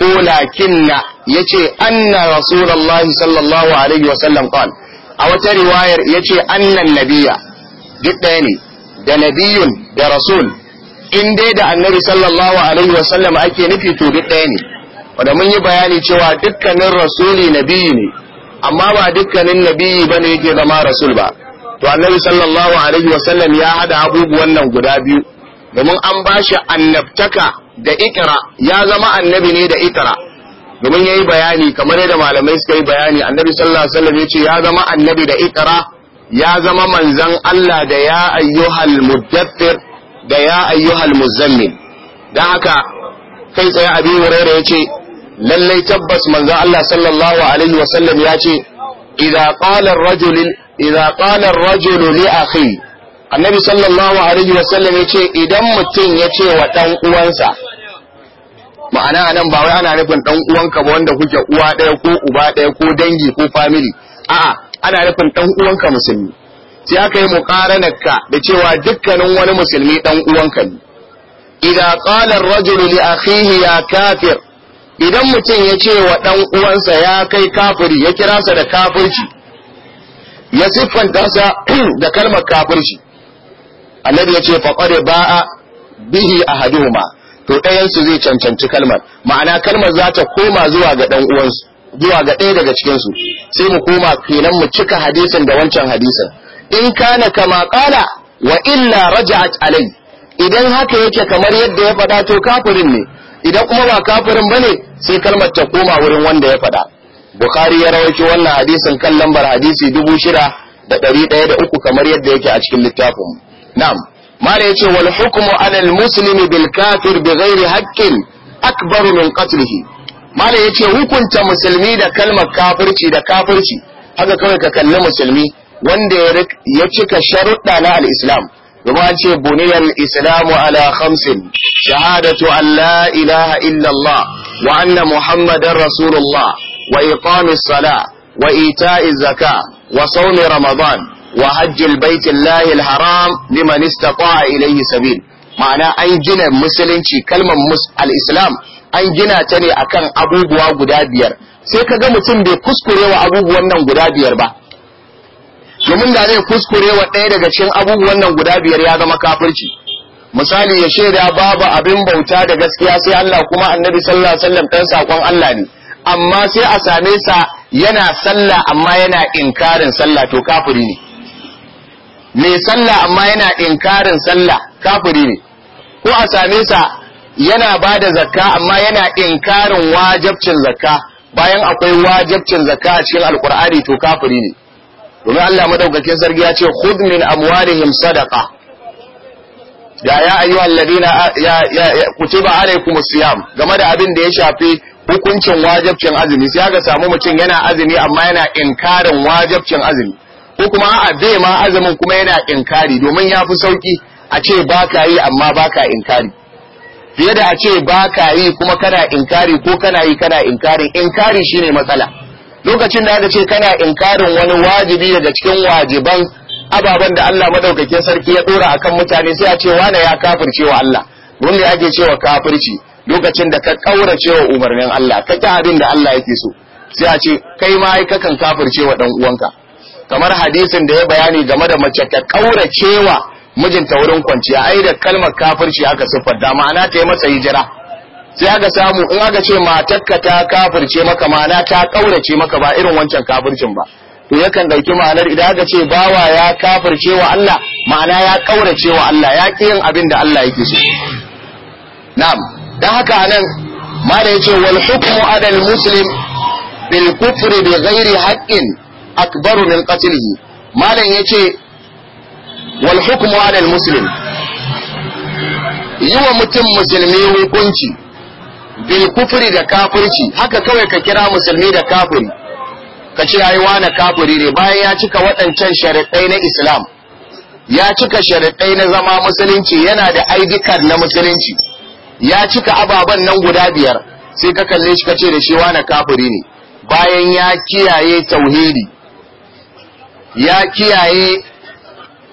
ko lakinna yace anna rasulullahi sallallahu alaihi wasallam qala a wata riwayar ya ce annan nabiya duk ɗaya ne da nabiyun da rasul in dai da annabi sallallahu alaihi wasallam ake nufi to duk ɗaya ne wanda mun yi bayani cewa dukkanin rasuli nabiyi ne amma ba dukkanin nabiyi bane yake zama rasul ba to annabi sallallahu alaihi wasallam ya hada abubuwan nan guda biyu domin an bashi annabtaka da ikra ya zama annabi ne da ikra domin yi bayani kamar yadda malamai suka yi bayani annabi sallallahu alaihi wasallam yace ya zama annabi da ikra ya zama manzan Allah da ya ayyuhal muddathir da ya ayyuhal muzammil dan haka kai tsaye abi hurairah yace lallai tabbas manzan Allah sallallahu alaihi wasallam yace idza qala ar-rajul idza qala ar-rajul li akhi annabi sallallahu alaihi wasallam yace idan mutum yace wa dan uwansa ma'ana anan ba wai ana nufin ɗan uwanka ba wanda kuke uwa ɗaya ko uba ɗaya ko dangi ko famili. a'a ana nufin ɗan uwanka musulmi sai aka yi ka da cewa dukkanin wani musulmi ɗan uwanka ne idan qala ar-rajul li akhihi ya kafir idan mutum ya ce wa dan uwansa ya kai kafiri ya kira sa da kafirci ya siffanta sa da kalmar kafirci annabi ya ce faqad ba'a bihi ahaduhuma to ɗayansu zai cancanci kalmar ma'ana kalmar za ta koma zuwa ga ɗan uwansu zuwa ga ɗaya daga cikinsu sai mu koma kenan mu cika hadisin da wancan hadisin in kana kama qala wa illa raja'at alai idan haka yake kamar yadda ya faɗa to kafirin ne idan kuma ba kafirin bane sai kalmar ta koma wurin wanda ya faɗa bukhari ya rawaito wannan hadisin kan lambar hadisi dubu shida da ɗari ɗaya da uku kamar yadda yake a cikin littafin na'am mala yace wal hukmu ala al muslimi bil kafir bi ghairi haqqin akbar min qatlihi mala yace hukunta musulmi da kalmar kafirci da kafirci haka kawai ka kalli musulmi wanda ya cika sharuɗa na al-islam domin an ce buniyar islamu ala khamsin shahadatu an la ilaha illallah wa anna muhammadan rasulullah wa iqamis sala wa ita'iz zaka wa sawmi ramadan Wahajjil hajjil baitin haram liman istata'a ilaihi sabil ma'ana an gina musulunci kalmar mus al-islam an gina ta ne akan abubuwa guda biyar sai ga mutum bai kuskurewa abubuwan nan guda biyar ba domin da zai kuskurewa ɗaya daga cikin abubuwan nan guda biyar ya zama kafirci misali ya shaida babu abin bauta da gaskiya sai Allah kuma annabi sallallahu alaihi wasallam dan sakon Allah ne amma sai a same sa yana sallah amma yana inkarin sallah to kafiri ne mai sallah amma yana inkarin sallah kafiri ne ko a same sa yana ba da zakka amma yana inkarin wajabcin zakka bayan akwai wajabcin zakka a cikin alkur'ani to kafiri ne domin Allah madaukakin sarki ya ce khudh min amwalihim sadaqa ya ya ayyuhal alladina ya kutiba alaikumus siyam game da abin da ya shafi hukuncin wajabcin azumi sai ga samu mutum yana azumi amma yana inkarin wajabcin azumi ko kuma a'a zai ma azumin kuma yana inkari domin ya fi sauki a ce ba ka yi amma ba ka inkari fiye da a ce ba ka yi kuma kana inkari ko kana yi kana inkari inkari shine matsala lokacin da aka ce kana inkarin wani wajibi daga cikin wajiban ababen da Allah madaukakin sarki ya dora akan mutane sai a ce wane ya kafirce wa Allah ne ake cewa kafirci lokacin da ka kaurace wa umarnin Allah ka ki abin da Allah yake so sai a ce kai ma ai kakan kafirce wa dan uwanka kamar hadisin da ya bayani game da mace ta kauracewa mijinta wurin kwanciya ai da kalmar kafirci aka siffar da ma'ana ta yi masa hijira sai aka samu in aka ce matarka ta kafirce maka ma'ana ta kaurace maka ba irin wancan kafircin ba to yakan dauki ma'anar idan aka ce bawa ya kafircewa Allah ma'ana ya kaurace wa Allah ya ki yin abin da Allah yake so na'am dan haka anan ma da yace wal hukmu adal muslim bil kufri bi ghairi haqqin akbaru min qatlihi malam yace wal hukmu ala al muslim yi wa mutum musulmi hukunci bil kufri da kafirci haka kawai ka kira musulmi da kafiri ka ce ai wani kafiri ne bayan ya cika waɗancan sharaɗai na islam ya cika sharaɗai na zama musulunci yana da aibikar na musulunci ya cika ababen nan guda biyar sai ka kalle shi ka ce da shi wani kafiri ne bayan ya kiyaye tauhidi ya kiyaye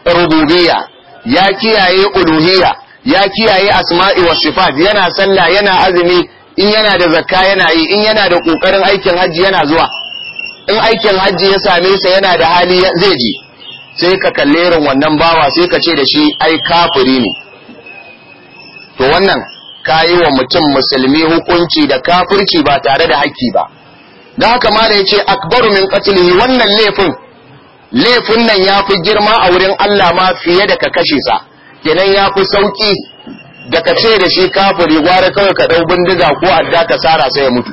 rububiyya ya kiyaye uluhiyya ya kiyaye asma'i wa sifat yana sallah yana azumi in yana da zakka yana yi in yana da kokarin aikin hajji yana zuwa in aikin hajji ya same sa yana da hali zai ji sai ka kalle irin wannan bawa sai ka ce da shi ai kafiri ne to wannan ka wa mutum musulmi hukunci da kafirci ba tare da haƙƙi ba da haka ma da ya ce akbaru min qatlihi wannan laifin laifin nan ya fi girma a wurin Allah ma fiye da ka kashe sa kenan ya fi sauki da ka ce da shi kafiri gwara kawai ka ɗau bindiga ko adda ka sara sai ya mutu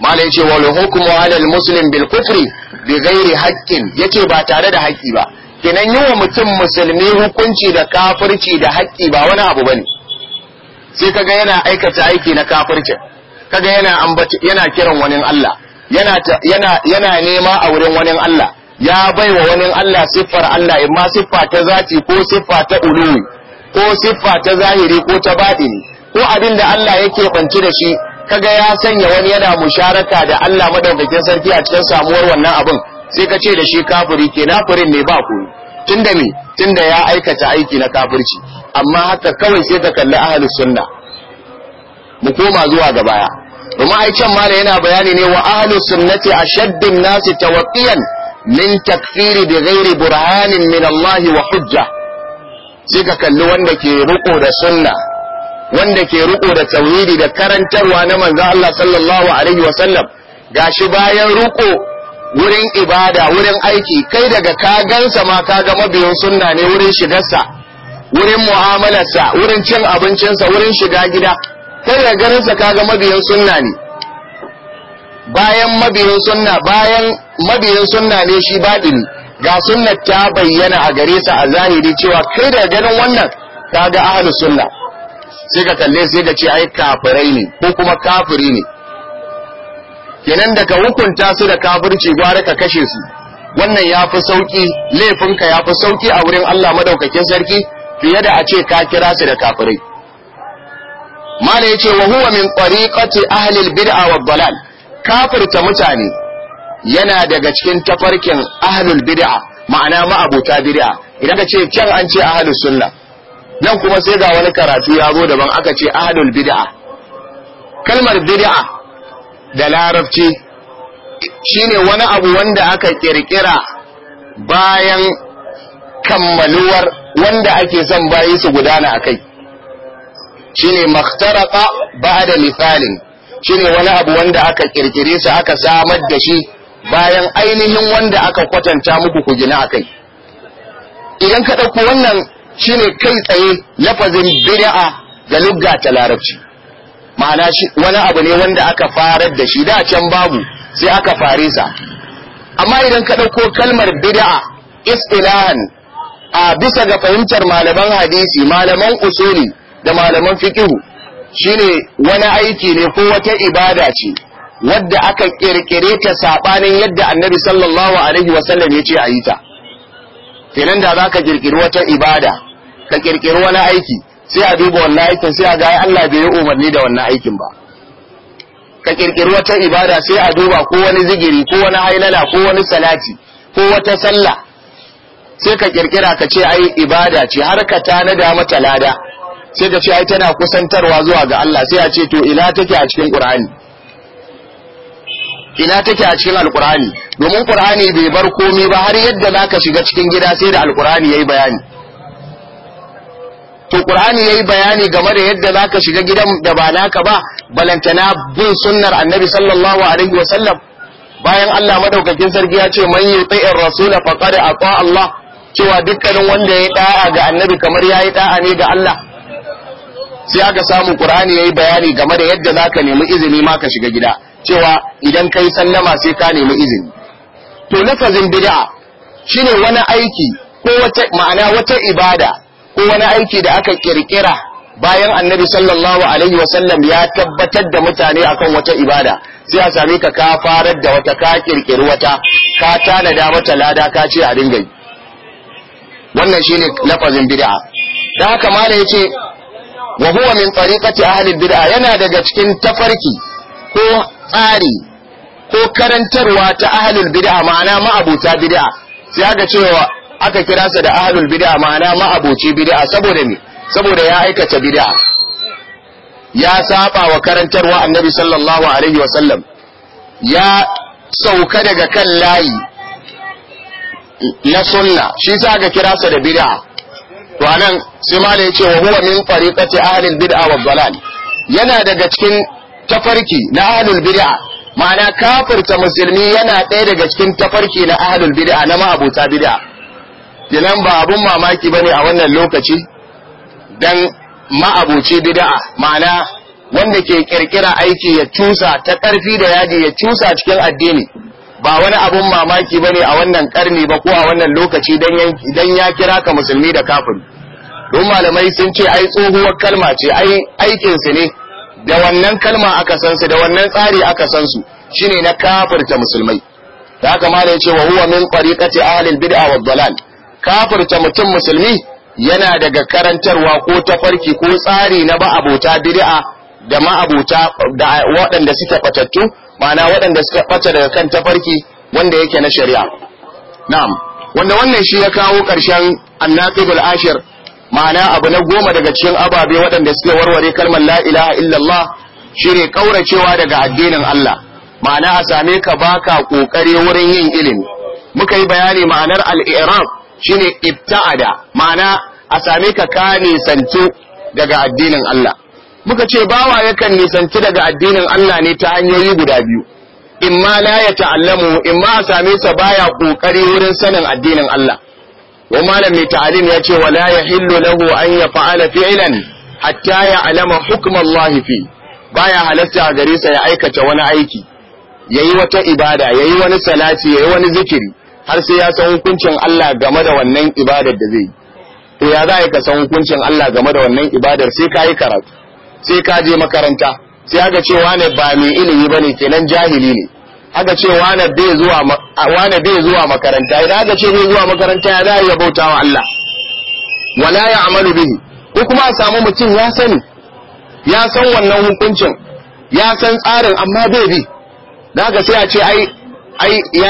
malai ce wal hukmu ala al muslim bil kufri bi ghairi haqqin yace ba tare da haƙƙi ba kenan yi wa mutum musulmi hukunci da kafirci da haƙƙi ba wani abu bane sai kaga yana aikata aiki na kafircin kaga yana yana kiran wani Allah yana nema a wurin wani Allah ya baiwa wani Allah siffar Allah imma siffa ta zati ko siffa ta uluwi ko siffa ta zahiri ko ta batini ko abin da Allah yake kwanci da shi kaga ya sanya wani yana musharaka da Allah madaukakin sarki a cikin samuwar wannan abin sai ka ce da shi kafiri ke nafirin ne ba koyi tunda me tunda ya aikata aiki na kafirci amma haka kawai sai ka kalli ahlus sunna mu koma zuwa ga baya kuma ai can mala yana bayani ne wa ahli sunnati ashaddun nasi tawqiyan min takfiri bi ghairi burhanin min Allah wa hujja shi ka kalli wanda ke riko da sunna wanda ke riko da tauhidi da karantarwa na manzo Allah sallallahu alaihi wa sallam gashi bayan riko wurin ibada wurin aiki kai daga ka gansa ma ka ga mabiyin sunna ne wurin shigarsa wurin mu'amalarsa wurin cin abincinsa wurin shiga gida kai da ganin sa kaga mabiyin sunna ne bayan mabiyan sunna bayan mabiyin sunna ne shi badin ga sunna ta bayyana a gare sa a zahiri cewa kai da ganin wannan kaga ahlus sunna sai ka kalle sai ka ce ai kafirai ne ko kuma kafiri ne kenan da ka hukunta su da kafirci gwara ka kashe su wannan ya fi sauki laifinka ya fi sauki a wurin Allah madaukakin sarki fiye da a ce ka kira su da kafirai mala yace wa huwa min tariqati ahli albid'a wad dalal kafirta mutane yana daga cikin tafarkin ahlul bid'a ma'ana ma'abuta bid'a idan ka ce can an ce ahlus sunna nan kuma sai ga wani karatu ya zo daban aka ce ahlul bid'a kalmar bid'a da larabci shine wani abu wanda aka kirkira bayan kammaluwar wanda ake son bayi su gudana a kai. shine makhtaraqa ba'da misalin shine wani abu wanda aka kirkire shi aka samar da shi bayan ainihin wanda aka kwatanta muku ku gina akai idan ka dauko wannan shine kai tsaye lafazin bid'a da lugga ta larabci ma'ana shi wani abu ne wanda aka farar da shi da can babu sai aka fare sa amma idan ka dauko kalmar bid'a istilahan a bisa ga fahimtar malaman hadisi malaman usuli da malaman fikihu shine wani aiki ne ko wata ibada ce wadda aka kirkire ta sabanin yadda annabi sallallahu alaihi wasallam ya ce a yi ta kenan da za kirkiri wata ibada ka kirkiri wani aiki sai a duba wannan aikin sai a ga Allah bai yi umarni da wannan aikin ba ka kirkiri wata ibada sai a duba ko wani zigiri ko wani hailala ko wani salati ko wata sallah sai ka kirkira ka ce ai ibada ce har ka tanada mata lada sai ka ce ai tana kusantarwa zuwa ga Allah sai a ce to ina take a cikin Qur'ani ina take a cikin Al-Qur'ani domin Qur'ani bai bar komai ba har yadda zaka shiga cikin gida sai da Al-ƙur'ani Al-Qur'ani yayi bayani to Qur'ani yayi bayani game da yadda zaka shiga gidan da ba naka ba balantana bin sunnar Annabi sallallahu alaihi wasallam bayan Allah madaukakin sarki ya ce man yuti'ir rasul faqad ata Allah cewa dukkanin wanda ya da'a ga Annabi kamar yayi da'a ne ga Allah sai aka samu qur'ani yayi bayani game da yadda zaka nemi izini ma ka shiga gida cewa idan kai sallama sai ka nemi izini to lafazin bid'a shine wani aiki ko wata ma'ana wata ibada ko wani aiki da aka kirkira bayan annabi sallallahu alaihi wasallam ya tabbatar da mutane akan wata ibada sai a same ka ka farar da wata ka kirkiri wata ka tanada mata lada ka ce a dinga yi wannan shine lafazin bid'a da haka malai yace wa huwa min tariqati ahli bid'a yana daga cikin tafarki ko tsari ko karantarwa ta ahlul bid'a ma'ana ma'abuta bid'a sai aka cewa aka kira sa da ahlul bid'a ma'ana ma'abuci bid'a saboda me saboda ya aikata bid'a ya saba wa karantarwa annabi sallallahu alaihi wa sallam ya sauka daga kan layi na sunna shi sa aka kira sa da bid'a to anan sai malai ya ce wa huwa min fariqati ahlil bid'a wa dalal yana daga cikin tafarki na ahlul bid'a ma'ana kafirta musulmi yana ɗaya daga cikin tafarki na ahli bid'a na ma'abuta bid'a dinan ba abun mamaki bane a wannan lokaci dan ma'abuci bid'a ma'ana wanda ke kirkira aiki ya cusa ta ƙarfi da yadi ya cusa cikin addini ba wani abun mamaki bane a wannan karni ba ko a wannan lokaci dan ya kira ka musulmi da kafin? don malamai sun ce ai tsohuwar kalma ce ai aikin ne da wannan kalma aka san su da wannan tsari aka san su shine na kafirta musulmai da haka malai ce wa huwa min tariqati ahli bida wa dalal kafirta mutum musulmi yana daga karantarwa ko tafarki ko tsari na ba abota bid'a da ma abota da waɗanda suke batattu ma'ana waɗanda suka ɓata daga kan tafarki wanda yake na shari'a na'am wanda wannan shi ya kawo ƙarshen annaqibul ashir ma'ana abu na goma daga cikin ababe waɗanda suke warware kalmar la ilaha illallah shine kauracewa daga addinin Allah ma'ana a same ka baka kokari wurin yin ilimi muka yi bayani ma'anar al-i'rab shine ibta'ada ma'ana a same ka ka nisantu daga addinin Allah muka ce bawa yakan nisanci daga addinin Allah ne ta hanyoyi guda biyu In ma la ya ta'allamu imma a same sa baya kokari wurin sanin addinin Allah wa malam mai ta'alim ya ce wala yahillu lahu an yaf'ala fi'lan hatta ya'lama hukm Allah fi baya halatta gare sa ya aikata wani aiki yayi wata ibada yayi wani salati yayi wani zikiri har sai ya san hukuncin Allah game da wannan ibadar da zai yi to ya za ka san hukuncin Allah game da wannan ibadar sai ka karatu sai ka je makaranta sai aka cewa wane ba mai ilimi ba ne kenan jahili ne aka ce wane bai zuwa makaranta idan aka ce bai zuwa makaranta ya zai bauta wa Allah wala ya amalu bihi ko kuma a samu mutum ya sani ya san wannan hukuncin ya san tsarin amma bai bi da haka sai a ce ai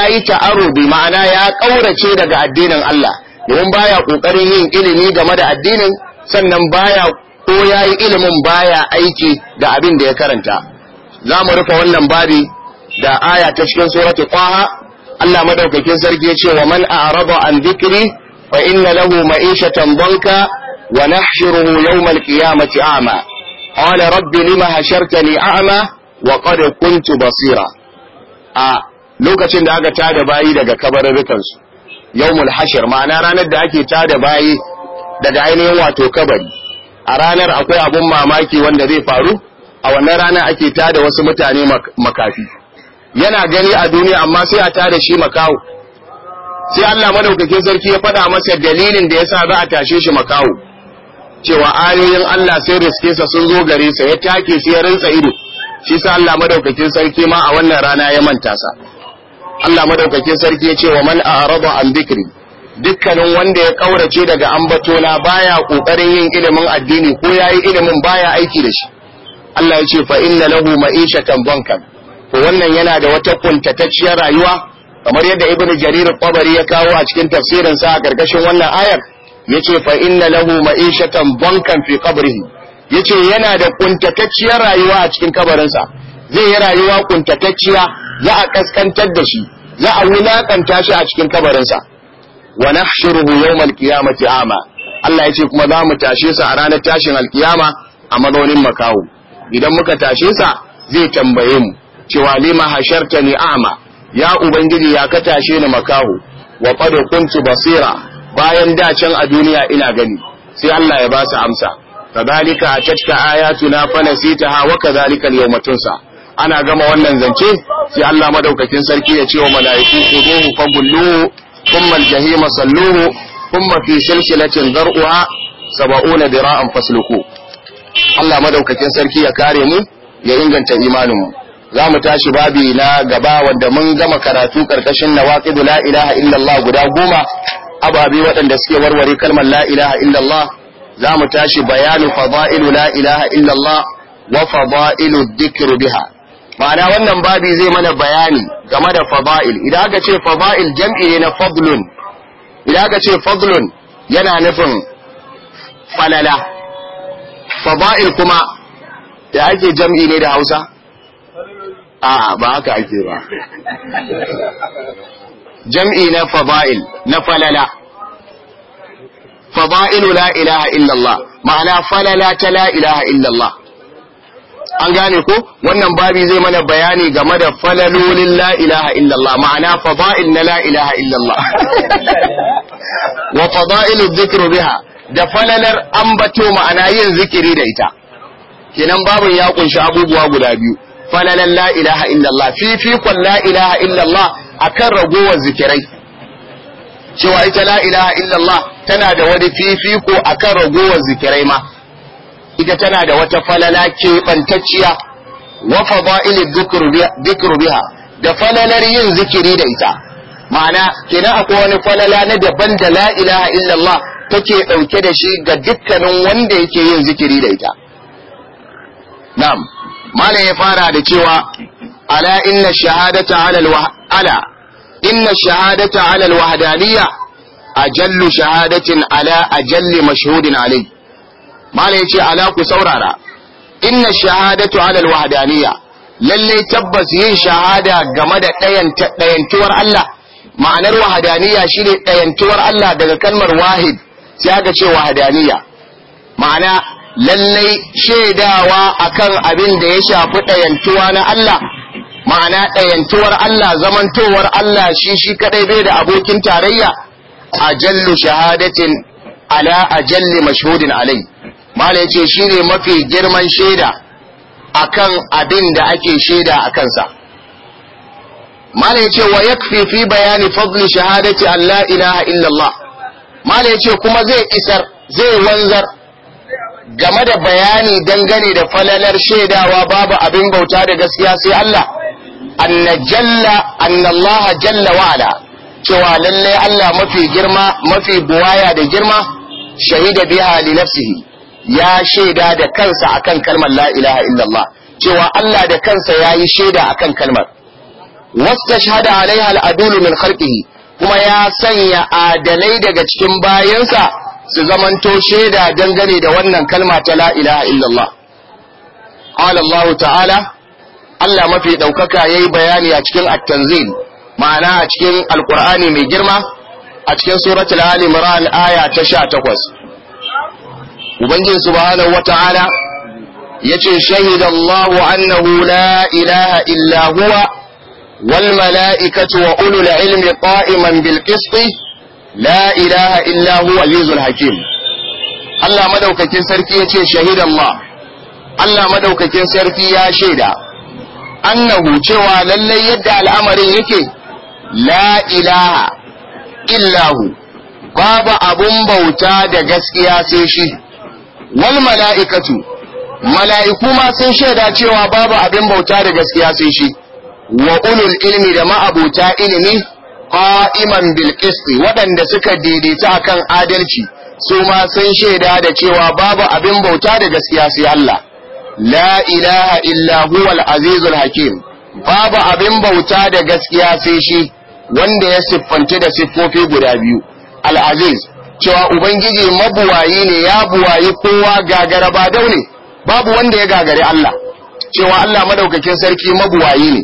ai ta'aru bi ma'ana ya kaurace daga addinin Allah domin baya kokarin yin ilimi game da addinin sannan baya ko ya yi ilimin baya aiki da abin da ya karanta za mu rufe wannan babi da aya ta cikin suratu qaha Allah madaukakin sarki ya ce wa man a'rada an dhikri fa inna lahu ma'ishatan banka wa nahshuruhu yawmal qiyamati a'ma qala rabbi lima hashartani a'ma wa qad kuntu basira a lokacin da aka tada bayi daga kabarin su yawmul hashir ma'ana ranar da ake tada bayi daga ainihin wato kabari a ranar akwai abun mamaki wanda zai faru a wannan rana ake ta da wasu mutane makafi yana gani a duniya amma sai a tada shi makawo sai Allah madaukake sarki ya faɗa masa dalilin da ya sa za a tashe shi makawo cewa ayoyin Allah sai riske sa sun zo gare sa ya take shi ya rantsa ido shi sa Allah madaukake sarki ma a wannan rana ya manta sa Allah madaukake sarki ya ce wa man a'rada an dhikri dukkanin wanda ya kaurace daga ambatona baya kokarin yin ilimin addini ko yayi ilimin baya aiki da shi Allah ya ce fa inna lahu ma'ishatan bankan to wannan yana da wata kuntatacciyar rayuwa kamar yadda ibnu jarir qabari ya kawo a cikin tafsirin sa a karkashin wannan ayar yace fa inna lahu ma'ishatan bankan fi qabrihi yace yana da kuntatacciyar rayuwa a cikin kabarinsa zai yi rayuwa kuntatacciya za a kaskantar da shi za a wulakanta shi a cikin kabarinsa wa nahshuruhu yawmal qiyamati ama Allah ya ce kuma za mu tashe sa a ranar tashin alkiyama a madonin makawu idan muka tashe sa zai tambaye mu cewa lima hasharta ni ama ya ubangiji ya ka tashe ni makaho? wa qad kuntu basira bayan da can a duniya ina gani sai Allah ya ba su amsa kadhalika atatka ayatuna fanasitaha wa kadhalika al sa ana gama wannan zance sai Allah madaukakin sarki ya ce wa mala'iku ku fagullu الجحيم صلوه ثم في سلسلة ذرعها سبعون ذراعا فاسلكوه Allah madaukakin sarki ya kare mu ya inganta imaninmu za mu tashi babi na gaba wanda mun gama karatu karkashin nawaqidu la'ilaha ilaha illallah guda goma ababe waɗanda suke warware kalmar la ilaha illallah za mu tashi bayanu fadailu la'ilaha ilaha illallah wa fadailu dhikru biha ma'ana wannan babi zai mana bayani game da fada'il idan aka ce fada'il jam'i ne na fadlun idan aka ce fadlun yana nufin falala fada'il kuma da ake jam'i ne da Hausa a'a ba haka ake ba jam'i na fada'il na falala fada'ilu la ilaha illallah ma'ana falala ta la ilaha illallah an gane ko wannan babi zai mana bayani game da falalolin la ilaha illallah ma'ana fada'il na la ilaha illallah wa fada'ilu dhikru biha da falalar ambato ma'ana yin zikiri da ita kenan babin ya kunshi abubuwa guda biyu falalar la ilaha illallah fifikon la ilaha illallah akan ragowar zikirai cewa ita la ilaha illallah tana da wani fifiko akan ragowar zikirai ma ita tana da wata falala keɓantacciya wa fada'ili dhikru biha da falalar yin zikiri da ita ma'ana kenan akwai wani falala na daban da la ilaha illallah take dauke da shi ga dukkanin wanda yake yin zikiri da ita na'am malam ya fara da cewa ala inna shahadata ala ala inna shahadata ala alwahdaniyya ajallu shahadatin ala ajalli mashhudin alayhi mala ce ala ku saurara inna shahadatu ala wahadaniya, lalle tabbas yin shahada game da ɗayantuwar Allah ma'anar wahdaniyya shine ɗayantuwar Allah daga kalmar wahid sai aka ce wahdaniyya ma'ana lalle shaidawa akan abin da ya shafi ɗayantuwa na Allah ma'ana ɗayantuwar Allah zamantowar Allah shi shi kadai bai da abokin tarayya ajallu shahadatin ala ajalli mashhudin alai ce shi ne mafi girman shaida a kan abin da ake shaida a kansa malai ce wa ya fi bayani fadli shahadati Allah, la ilaha illallah mala yace kuma zai isar zai wanzar game da bayani dangane da falalar shaidawa babu abin bauta da gaskiya sai Allah anna jalla anna Allah jalla wa'ala cewa lallai Allah mafi girma mafi buwaya da girma shahida biha li nafsihi ya shaida da kansa akan kalmar la ilaha illallah cewa Allah da kansa ya yi shaida akan kalmar wastashhada alaiha al'adulu min khalqihi kuma ya sanya adalai daga cikin bayansa su zamanto shaida dangane da wannan kalma ta la ilaha illallah qala Allah ta'ala Allah mafi daukaka yayi bayani a cikin at-tanzil ma'ana a cikin alqur'ani mai girma a cikin suratul ali imran aya ta 18 ubangiji subhanahu wata'ala yace shahida Allahu annahu la ilaha illa huwa wal mala'ikatu wa ulul ilmi qa'iman bil qist la ilaha illa huwa al hakim Allah madaukakin sarki yace shahida Allah Allah madaukakin sarki ya shaida annahu cewa lallai yadda al'amarin yake la ilaha illahu babu abun bauta da gaskiya sai shi wal mala'ikatu mala'iku ma sun shaida cewa babu abin bauta da gaskiya sai shi wa ulul ilmi da ma'abuta ilimi qa'iman bil waɗanda suka daidaita kan adalci su ma sun shaida da cewa babu abin bauta da gaskiya sai Allah la ilaha illa huwal azizul hakim babu abin bauta da gaskiya sai shi wanda ya siffanta da siffofi guda biyu al aziz cewa ubangiji mabuwayi ne ya buwayi kowa gagara ba daune babu wanda ya gagari Allah cewa Allah madaukakin sarki mabuwayi ne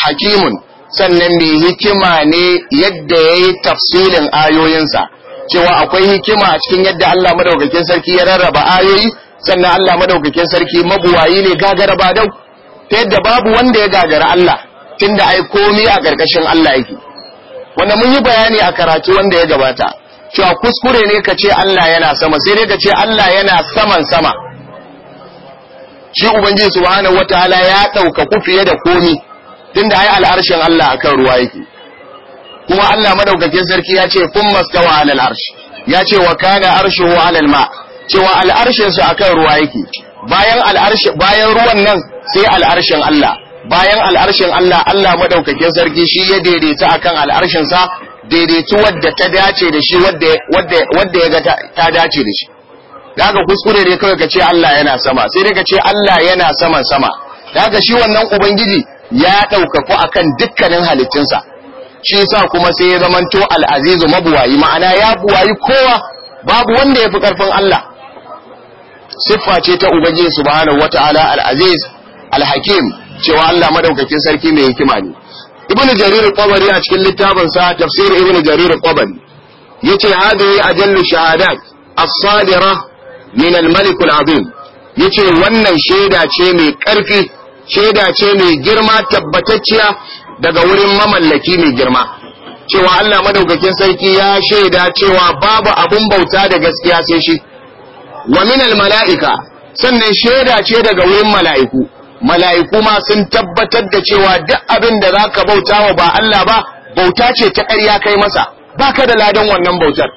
hakimun sannan mai hikima ne yadda ya yi tafsilin ayoyinsa cewa akwai hikima a cikin yadda Allah madaukakin sarki ya rarraba ayoyi sannan Allah madaukakin sarki mabuwayi ne gagara ba dau ta yadda babu wanda ya gagara Allah tunda ai komi a ƙarƙashin Allah yake wanda mun yi bayani a karatu wanda ya gabata cewa kuskure ne ka ce Allah yana sama sai ne ka ce Allah yana saman sama shi ubangiji subhanahu wataala ya ku fiye da komi tunda ai al'arshin Allah akan ruwa yake kuma Allah madaukakin sarki ya ce kun mastawa alal arsh ya ce wa kana arshuhu alal ma cewa al'arshin su akan ruwa yake bayan bayan ruwan nan sai al'arshin Allah bayan al'arshin Allah Allah madaukakin sarki shi ya daidaita akan al'arshin sa daidaitu wadda ta dace da shi wadda ya ga ta dace da shi daga kuskure ne kawai ka ce Allah yana sama sai dai ka ce Allah yana saman sama daga shi wannan ubangiji ya ɗaukaku akan dukkanin halittunsa shi yasa kuma sai ya zamanto al'azizu mabuwayi ma'ana ya buwayi kowa babu wanda ya fi ƙarfin Allah siffa ce ta ubangiji subhanahu wata'ala al'aziz al-hakim cewa Allah madaukakin sarki mai hikima ne ibnu jarir al-qabari a cikin littafin sa tafsir ibnu jarir al-qabari yace hadi ajallu shahadat as sadira min al-malik al-azim yace wannan shaida ce mai karfi shaida ce mai girma tabbatacciya daga wurin mamallaki mai girma cewa Allah madaukakin sarki ya shaida cewa babu abun bauta da gaskiya sai shi wa min al-mala'ika sannan shaida ce daga wurin mala'iku mala'iku ma sun tabbatar da cewa duk abin da ka bauta wa ba Allah ba bauta ce ta ƙarya kai masa Ba ka da ladan wannan bautar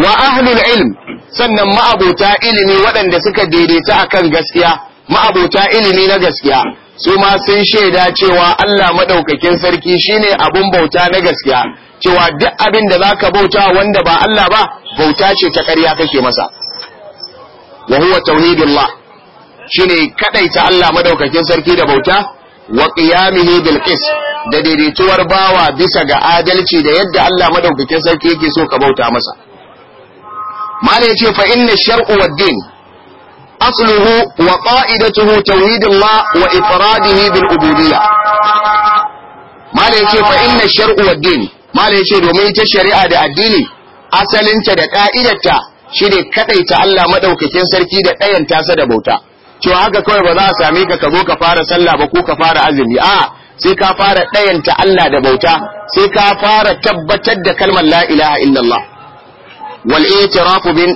wa ahlul ilm sannan ma'abota ilimi waɗanda suka daidaita akan gaskiya ma'abota ilimi na gaskiya su ma sun shaida cewa Allah maɗaukakin sarki shine abun bauta na gaskiya cewa duk abin da zaka bauta wanda ba Allah ba bauta ce ta ƙarya kake masa wa huwa tauhidullah shine kadaita Allah madaukakin sarki da bauta wa qiyamihi bil qist da daidaituwar bawa bisa ga adalci da yadda Allah madaukakin sarki yake so ka bauta masa mala yace fa inna shar'u wad din asluhu wa qa'idatuhu tawhidullah wa ifradihi bil ubudiyyah mala yace fa inna shar'u wad din mala yace domin ita shari'a da addini asalinta da ka'idarta shine kadaita Allah madaukakin sarki da ɗayan tasa da bauta cewa haka kawai ba za a same ka ka zo ka fara sallah ba ko ka fara azumi a sai ka fara ɗayanta Allah da bauta sai ka fara tabbatar da kalmar la ilaha illallah wal i'tirafu bin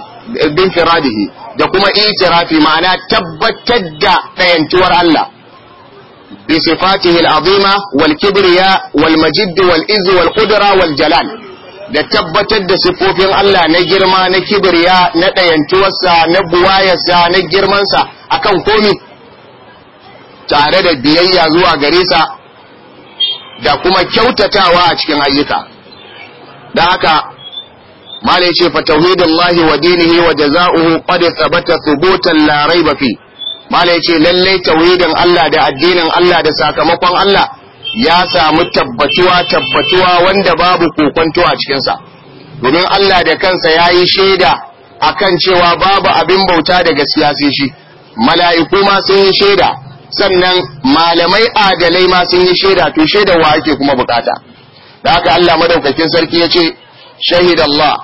bin firadihi da kuma i'tirafi ma'ana tabbatar da ɗayantuwar Allah bi sifatihi al-azima wal kibriya wal majd wal iz wal qudra wal jalal da tabbatar da sifofin Allah na girma na kibirya na ɗayantuwarsa na buwayarsa na girmansa akan komi tare da biyayya zuwa gare sa da kuma kyautatawa a cikin ayyuka da haka malai ce fa tauhidullahi wa dinihi wa jaza'uhu qad thabata thubutan la raiba fi malai ce lalle tauhidin Allah da addinin Allah da sakamakon Allah ya samu tabbatuwa tabbatuwa wanda babu kokonto a cikinsa domin Allah da kansa ya yi shaida akan cewa babu abin bauta da gaskiya sai shi mala'iku ma sun yi shaida sannan malamai adalai ma sun yi shaida to shaida wa ake kuma bukata da haka Allah madaukakin sarki ya ce shahidallah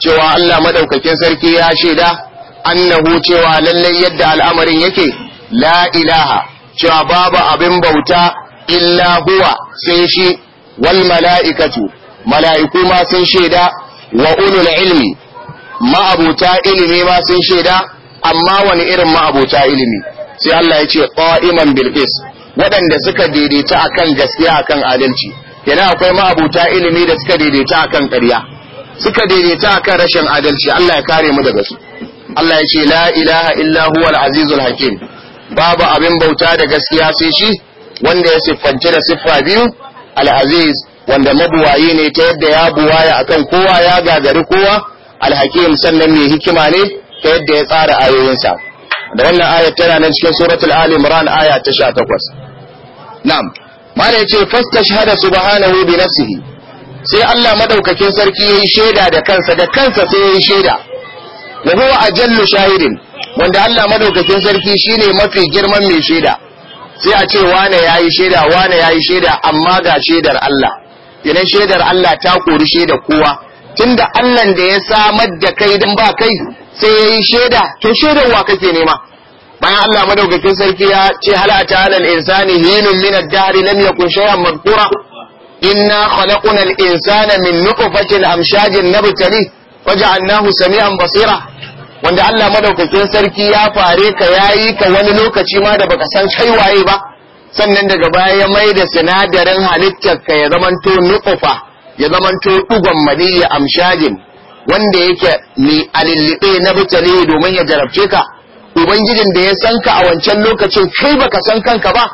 cewa Allah madaukakin sarki ya shaida annahu cewa lallai yadda al'amarin yake la ilaha cewa babu abin bauta illa huwa sai shi wal mala'ikatu mala'iku ma sun shaida wa ulul ilmi ma'abuta ilimi ma sun shaida amma wani irin ma'abuta ilimi sai Allah ya ce qa'iman bil waɗanda suka daidaita akan gaskiya akan adalci yana akwai ma'abuta ilimi da suka daidaita akan ƙarya suka daidaita akan rashin adalci Allah ya kare mu daga su Allah ya ce la ilaha illa huwal azizul hakim babu abin bauta da gaskiya sai shi wanda ya siffanci da siffa biyu al-aziz wanda mabuwayi ne ta yadda ya buwaya akan kowa ya gagari kowa al-hakim sannan mai hikima ne ta yadda ya tsara ayoyinsa da wannan ayar tana nan cikin suratul ali imran aya ta 18 na'am mala yace fastashhada subhanahu bi nafsihi sai Allah madaukakin sarki yayi shaida da kansa da kansa sai yayi shaida wa huwa ajallu shahidin wanda Allah madaukakin sarki shine mafi girman mai shaida sai a ce wane ya yi shaida wane ya yi shaida amma ga shaidar Allah idan shaidar Allah ta kori shaida kowa tunda Allah da ya samar da kai dan ba kai sai ya yi shaida to shaidar wa kake nema bayan Allah madaukakin sarki ya ce halata ta'ala insani hinun min ad-dahr lam yakun shay'an madhkura inna khalaqna al-insana min nutfatin amshajin nabtali waja'alnahu sami'an basira wanda Allah madaukakin sarki ya fare ka yayi ka wani lokaci ma da baka san kai waye ba sannan daga baya ya mai da sinadarin halittar ka ya zamanto nuqufa ya zamanto dugon mali ya amshajin wanda yake ni alillibe na bitare domin ya jarabce ka ubangijin da ya san ka a wancan lokacin kai baka san kanka ba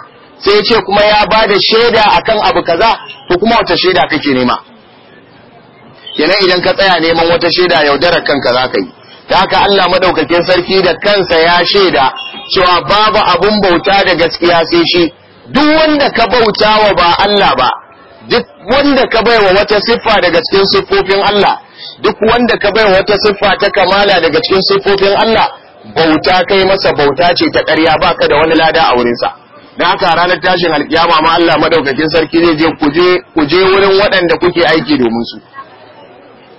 sai ya ce kuma ya ba da shaida akan abu kaza to kuma wata shaida kake nema kenan idan ka tsaya neman wata shaida yaudarar kanka za ka yi da haka Allah madaukakin sarki da kansa ya shaida cewa babu abun bauta da gaskiya sai shi duk wanda ka bauta wa ba Allah ba duk wanda ka baiwa wata siffa daga cikin siffofin Allah duk wanda ka baiwa wata siffa ta kamala daga cikin siffofin Allah bauta kai masa bauta ce ta ƙarya baka da wani lada a wurinsa da haka ranar tashin alkiyama ma Allah madaukakin sarki zai je kuje kuje wurin waɗanda kuke aiki domin su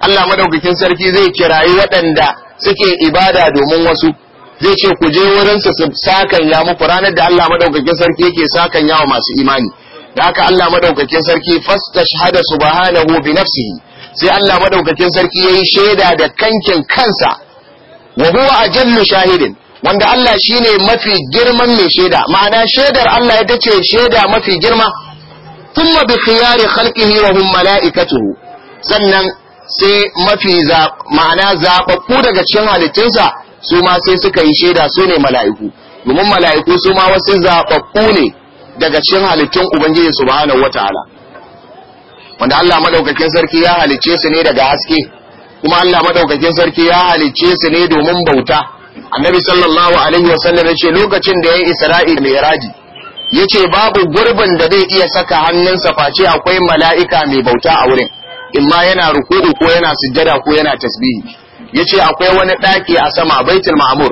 Allah madaukakin sarki zai kirayi waɗanda suke ibada domin wasu zai ce ku je wurinsa su sakan ya muku ranar da Allah madaukakin sarki yake sakan yawa masu imani da haka Allah madaukakin sarki fastashhada subhanahu bi nafsihi sai Allah madaukakin sarki yayi shaida da kankin kansa wa huwa ajallu shahidin wanda Allah shine mafi girman mai shaida ma'ana shaidar Allah ita ce shaida mafi girma thumma bi khiyari khalqihi wa hum malaikatuhu sannan sai mafi ma'ana zaɓaɓɓu daga cikin halittunsa su ma sai suka yi shaida su ne mala'iku domin mala'iku su ma wasu zaɓaɓɓu ne daga cikin halittun ubangiji subhanahu wataala wanda Allah madaukakin sarki ya halicce su ne daga haske kuma Allah maɗaukakin sarki ya halicce su ne domin bauta annabi sallallahu alaihi wasallam ya ce lokacin da ya yi isra'i mai raji ya ce babu gurbin da zai iya saka hannunsa face akwai mala'ika mai bauta a wurin imma yana ruku'u ko yana sujjada ko yana tasbihi yace akwai wani daki a sama baitul ma'mur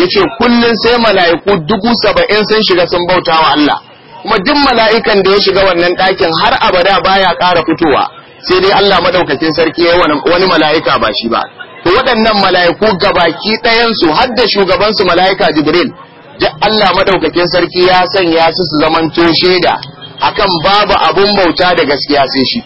yace kullun sai mala'iku dubu saba'in sun shiga sun bauta wa Allah kuma duk mala'ikan da ya shiga wannan dakin har abada baya ƙara fitowa sai dai Allah madaukakin sarki ya wani mala'ika ba shi ba to waɗannan mala'iku gabaki ɗayan su har da shugaban su mala'ika Jibril da Allah madaukakin sarki ya sanya su su zamanto shaida akan babu abun bauta da gaskiya sai shi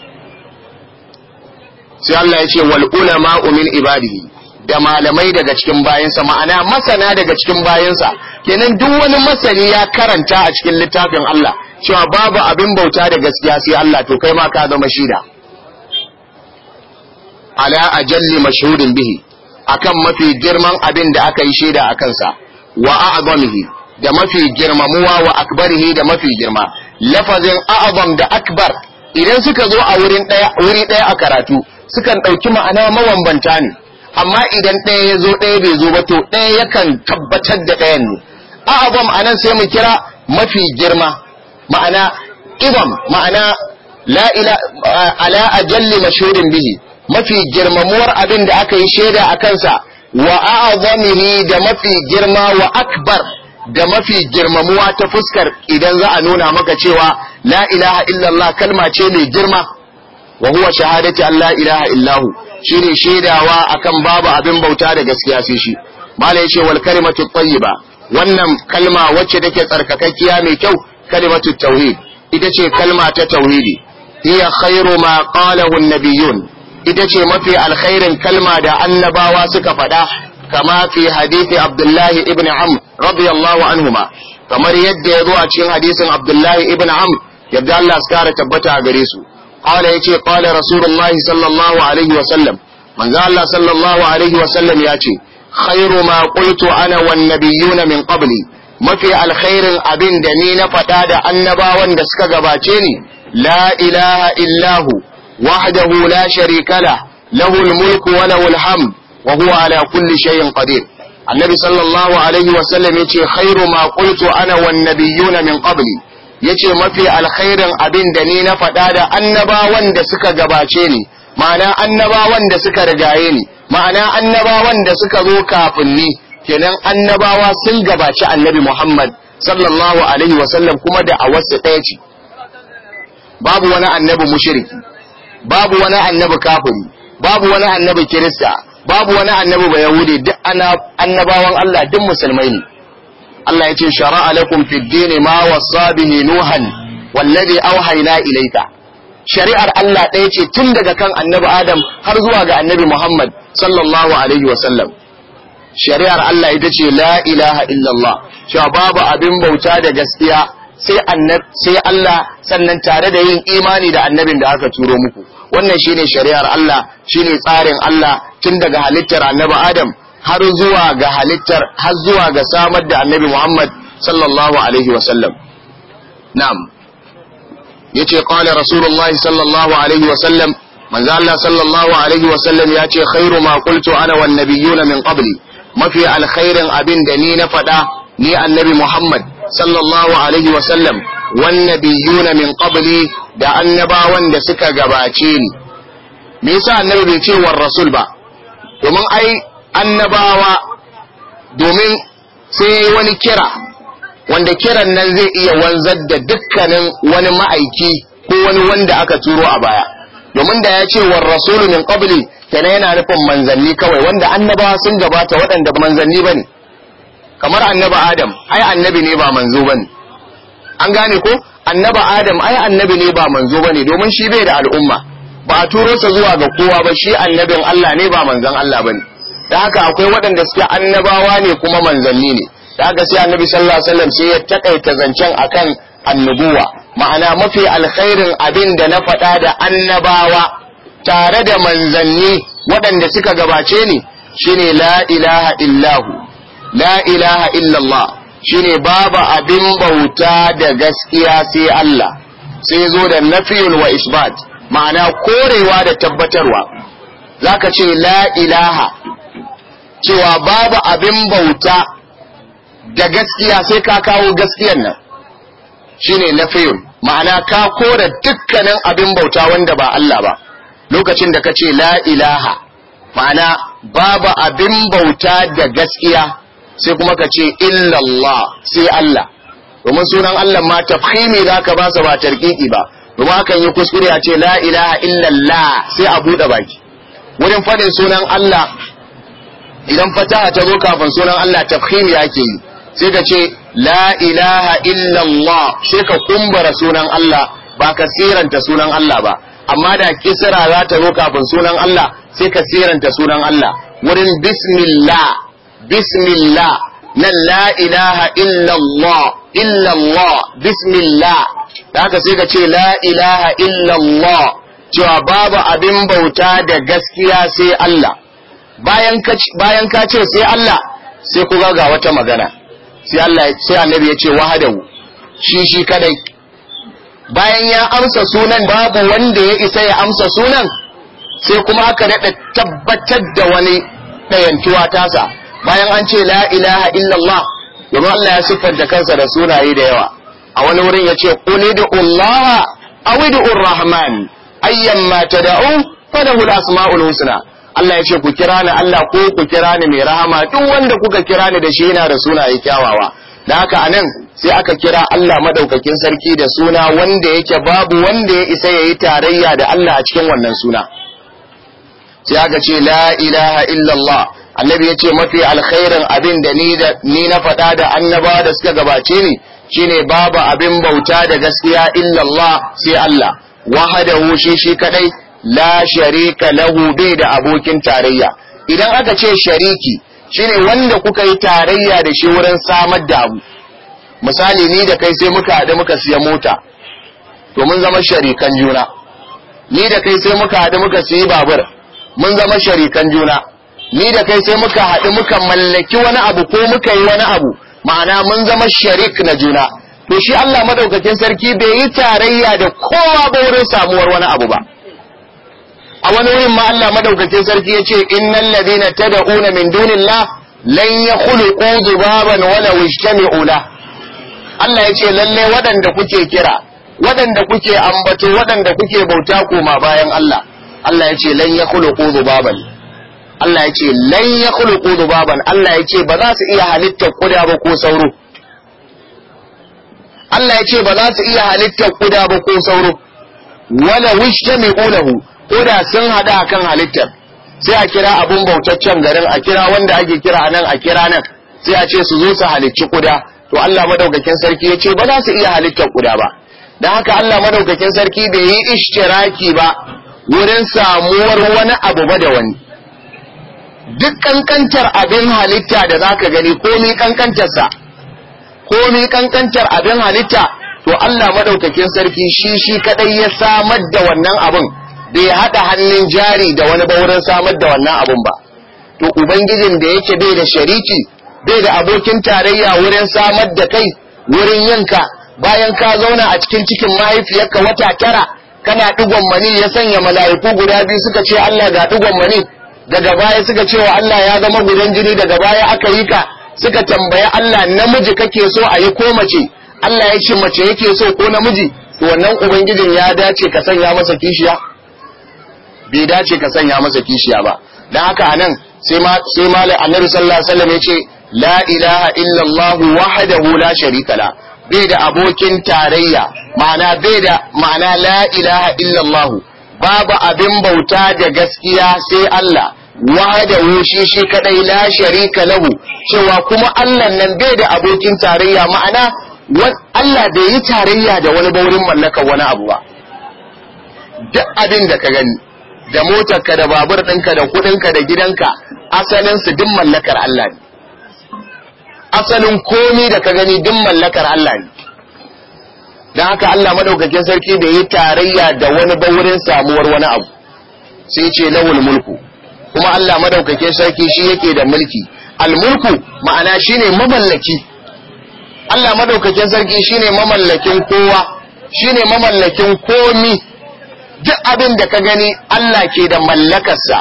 sai Allah ya ce wal ulama min ibadihi da malamai daga cikin bayansa ma'ana masana daga cikin bayansa kenan duk wani masani ya karanta a cikin littafin Allah cewa babu abin bauta da gaskiya sai Allah to kai ma ka zama shida ala ajalli mashhudin bihi akan mafi girman abin da aka yi shaida a kansa wa a'zamihi da mafi girmamuwa wa akbarihi da mafi girma lafazin a'zam da akbar idan suka zo a wurin daya wuri daya a karatu sukan ɗauki ma'ana mawambanta ne amma idan ɗaya ya zo ɗaya bai zo ba to ɗaya yakan tabbatar da ɗayan ne a anan sai mu kira mafi girma ma'ana ibam ma'ana la ila ala ajalli mashhurin bihi mafi girmamuwar abin da aka yi shaida a kansa wa a'azamihi da mafi girma wa akbar da mafi girmamuwa ta fuskar idan za a nuna maka cewa la ilaha illallah kalma ce mai girma wa huwa shahadati Allah ilaha illahu shine shaidawa akan babu abin bauta da gaskiya sai shi mala yace wal kalimatu tayyiba wannan kalma wacce take tsarkakakkiya mai kyau kalimatu tauhid ita ce kalma ta tauhidi hiya khairu ma qalahu an ita ce mafi alkhairin kalma da annabawa suka faɗa kama fi hadithi abdullahi ibn am radiyallahu anhuma kamar yadda ya zo a cikin hadisin abdullahi ibn am yadda Allah ya kara tabbata a gare su qala yace qala rasulullahi sallallahu alaihi wa manzo Allah wa sallam yace khairu ma qultu ana wan nabiyuna min qabli mafi alkhairin abin da ni na faɗa da annabawan da suka gabace ni la ilaha illahu wahdahu la sharika la mulku almulku wa lahu ala kulli shay'in qadir annabi sallallahu alaihi wa sallam yace khairu ma qultu ana wan nabiyuna min qabli yace mafi alkhairin abin da ni na faɗa da annabawan da suka gabace ni ma'ana annabawan da suka rigaye ni ma'ana annabawan da suka zo kafin ni kenan annabawa sun gabaci annabi Muhammad sallallahu alaihi wa sallam. kuma da a wasu ɗaya ce babu wani annabi mushriki babu wani annabi kafiri babu wani annabi kirista babu wani annabi bayahudi duk annabawan Allah duk musulmai ne Allah ya ce shara'a lakum fid dini ma wasa bihi nuhan wallazi auhayna ilayka shari'ar Allah ɗaya ce tun daga kan annabi Adam har zuwa ga annabi Muhammad sallallahu alaihi wa sallam shari'ar Allah ita ce la ilaha illallah cewa babu abin bauta da gaskiya sai sai Allah sannan tare da yin imani da annabin da aka turo muku wannan shine shari'ar Allah shine tsarin Allah tun daga halittar annabi Adam har zuwa ga halittar har zuwa ga samar da annabi Muhammad sallallahu alaihi wasallam na'am ya yace qala rasulullah sallallahu alaihi wasallam manzo Allah sallallahu alaihi wasallam ce khairu ma qultu ana wan nabiyuna min qabli mafi alkhairin abin da ni na faɗa ni annabi Muhammad sallallahu alaihi wasallam wan nabiyuna min qabli da annabawan da suka gabace ni me yasa annabi bai ce war rasul ba domin ai annabawa domin sai wani kira wanda kiran nan zai iya wanzar da dukkanin wani ma'aiki ko wani wanda aka turo a baya domin da ya ce wa rasulu min qabli yana nufin manzanni kawai wanda annabawa sun gabata waɗanda ba manzanni bane kamar annaba adam ai annabi ne ba manzo bane an gane ko annaba adam ai annabi ne ba manzo bane domin shi bai da al'umma ba a turo sa zuwa ga kowa ba shi annabin Allah ne ba manzan Allah bane da haka akwai waɗanda suke annabawa ne kuma manzanni ne da haka sai annabi sallallahu alaihi wasallam sai ya takaita zancen akan annabuwa. ma'ana mafi alkhairin abin da na faɗa da annabawa tare da manzanni waɗanda suka gabace ni shine la ilaha illahu la ilaha illallah shine babu abin bauta da gaskiya sai Allah sai zo da nafiyul wa isbat ma'ana korewa da tabbatarwa zaka ce la ilaha cewa babu abin bauta da gaskiya sai ka kawo gaskiyan nan shine nafiyun ma'ana ka kora dukkanin abin bauta wanda ba Allah ba lokacin da ka ce la ilaha ma'ana babu abin bauta da gaskiya sai kuma ka ce illallah sai Allah domin sunan Allah ma tafhimi zaka ka ba su ba tarkiki ba domin hakan yi kuskure a ce la ilaha illallah sai a buɗe baki wurin faɗin sunan Allah idan fataha ta zo kafin sunan Allah tafhim ya ke yi sai ka ce la ilaha illallah sai ka kumbara sunan Allah ba ka siranta sunan Allah ba amma da kisra za ta zo kafin sunan Allah sai ka siranta sunan Allah wurin bismillah bismillah nan la ilaha illallah illallah bismillah da haka sai ka ce la ilaha illallah cewa babu abin bauta da gaskiya sai Allah bayan ka ce sai Allah sai kuga ga wata magana sai Allah sai annabi ya ce wahadahu shi shi kadai bayan ya amsa sunan babu wanda ya isa ya amsa sunan sai kuma aka nada tabbatar da wani ɗayantuwa tasa bayan an ce la ilaha illallah domin Allah ya siffanta kansa da sunaye da yawa a wani wurin ya ce ƙuli allaha awidu a rahman ayyan ma ta tad'u falahul asmaul husna Allah ya ce ku kira ni Allah ko ku kira ni mai rahama duk wanda kuka kira ni da shi yana da suna ya kyawawa da haka anan sai aka kira Allah madaukakin sarki da suna wanda yake babu wanda ya isa yayi tarayya da Allah a cikin wannan suna sai aka ce la ilaha illallah annabi yace mafi alkhairin abin da ni da ni na faɗa da annaba da suka gabace ni shine babu abin bauta da gaskiya "Illa illallah sai Allah wahadahu shi shi kadai la sharika lahu bai da abokin tarayya idan aka ce shariki shine wanda kuka yi tarayya da shi wurin samar da abu misali ni da kai sai muka haɗu muka siya mota to mun zama sharikan juna ni da kai sai muka haɗu muka siya babur mun zama sharikan juna ni da kai sai muka haɗu muka mallaki wani abu ko muka yi wani abu ma'ana mun zama sharik na juna to shi Allah madaukakin sarki bai yi tarayya da kowa ba wurin samuwar wani abu ba a wani wurin ma Allah madaukakin sarki ya ce innal ladina tad'una min dunillah lan yakhluqu dhubaban wala yajtami'u la Allah ya ce lalle waɗanda kuke kira waɗanda kuke ambato waɗanda kuke bauta koma bayan Allah Allah ya ce lan yakhluqu dhubaban Allah ya ce lan yakhluqu dhubaban Allah ya ce ba za su iya halittar kuda ba ko sauro Allah ya ce ba za su iya halittar kuda ba ko sauro wala wishta mai ulahu kuda sun hada kan halittar sai a kira abun bautaccen garin a kira wanda ake kira a nan a kira nan sai a ce su zo su halicci kuda to Allah madaukakin sarki ya ce ba za su iya halittar kuda ba dan haka Allah madaukakin sarki bai yi ishtiraki ba wurin samuwar wani abu ba da wani duk kankantar abin halitta da zaka gani komai kankantarsa komi kankantar abin halitta to Allah madaukakin sarki shi shi kadai ya samar da wannan abin bai hada hannun jari da wani ba wurin samar da wannan abin ba to ubangijin da yake bai da shariki bai da abokin tarayya wurin samar da kai wurin yinka bayan ka zauna a cikin cikin mahaifiyarka wata tara kana digon mani ya sanya mala'iku guda biyu suka ce Allah ga digon mani daga baya suka ce wa Allah ya zama gudan jini daga baya aka yi ka suka tambaya Allah namiji kake so a yi ko mace Allah ya ce mace yake so ko namiji to wannan ubangijin ya dace ka sanya masa kishiya bai dace ka sanya masa kishiya ba dan haka anan sai ma sai malam annabi sallallahu alaihi wasallam ya ce la ilaha illallah wahdahu la sharika la bai da abokin tarayya ma'ana bai da ma'ana la ilaha illallah babu abin bauta da gaskiya sai Allah wahdahu shi shi kadai la sharika lahu cewa kuma Allah nan bai da abokin tarayya ma'ana Allah bai yi tarayya da wani baurin mallakar wani abu ba duk abin da ka gani da motarka da babur ɗinka da kuɗinka da gidanka asalin su duk mallakar Allah ne asalin komi da ka gani duk mallakar Allah ne dan haka Allah madaukakin sarki da yi tarayya da wani baurin samuwar wani abu sai ce lawul mulku kuma Allah madaukake sarki shi yake da mulki almulku ma'ana shine mamallaki Allah madaukakin sarki shine mamallakin kowa shine mamallakin komi duk abin da ka gani Allah ke da mallakarsa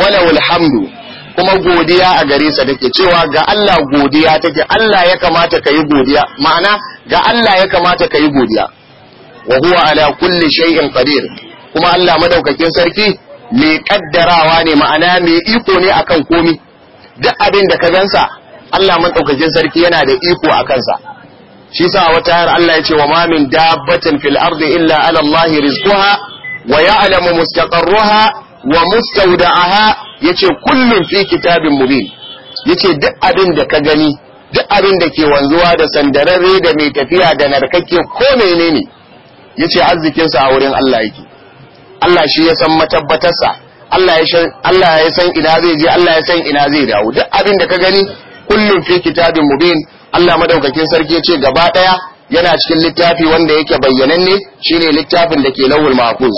walawul hamdu kuma godiya a gare sa take cewa ga Allah godiya take Allah ya kamata ka godiya ma'ana ga Allah ya kamata ka godiya wa huwa ala kulli shay'in qadir kuma Allah madaukakin sarki mai kaddarawa ne ma'ana mai iko ne akan komi duk abin da ka gansa Allah madaukakin sarki yana da iko a kansa shi sa wata har Allah ya ce wa ma min dabbatin fil ardi illa ala Allah rizquha wa ya'lamu mustaqarraha wa mustawda'aha yace kullun fi kitabin mubin yace duk abin da ka gani duk abin da ke wanzuwa da sandarare da mai tafiya da narkakke ko menene yace arzikin sa a wurin Allah yake Allah shi ya san matabbatarsa Allah ya san ina zai je Allah ya san ina zai dawo duk abin da ka gani kullum fi kitabin mubin Allah madaukakin sarki ya ce gaba daya yana cikin littafi wanda yake bayyananne shine littafin da ke lawul mahfuz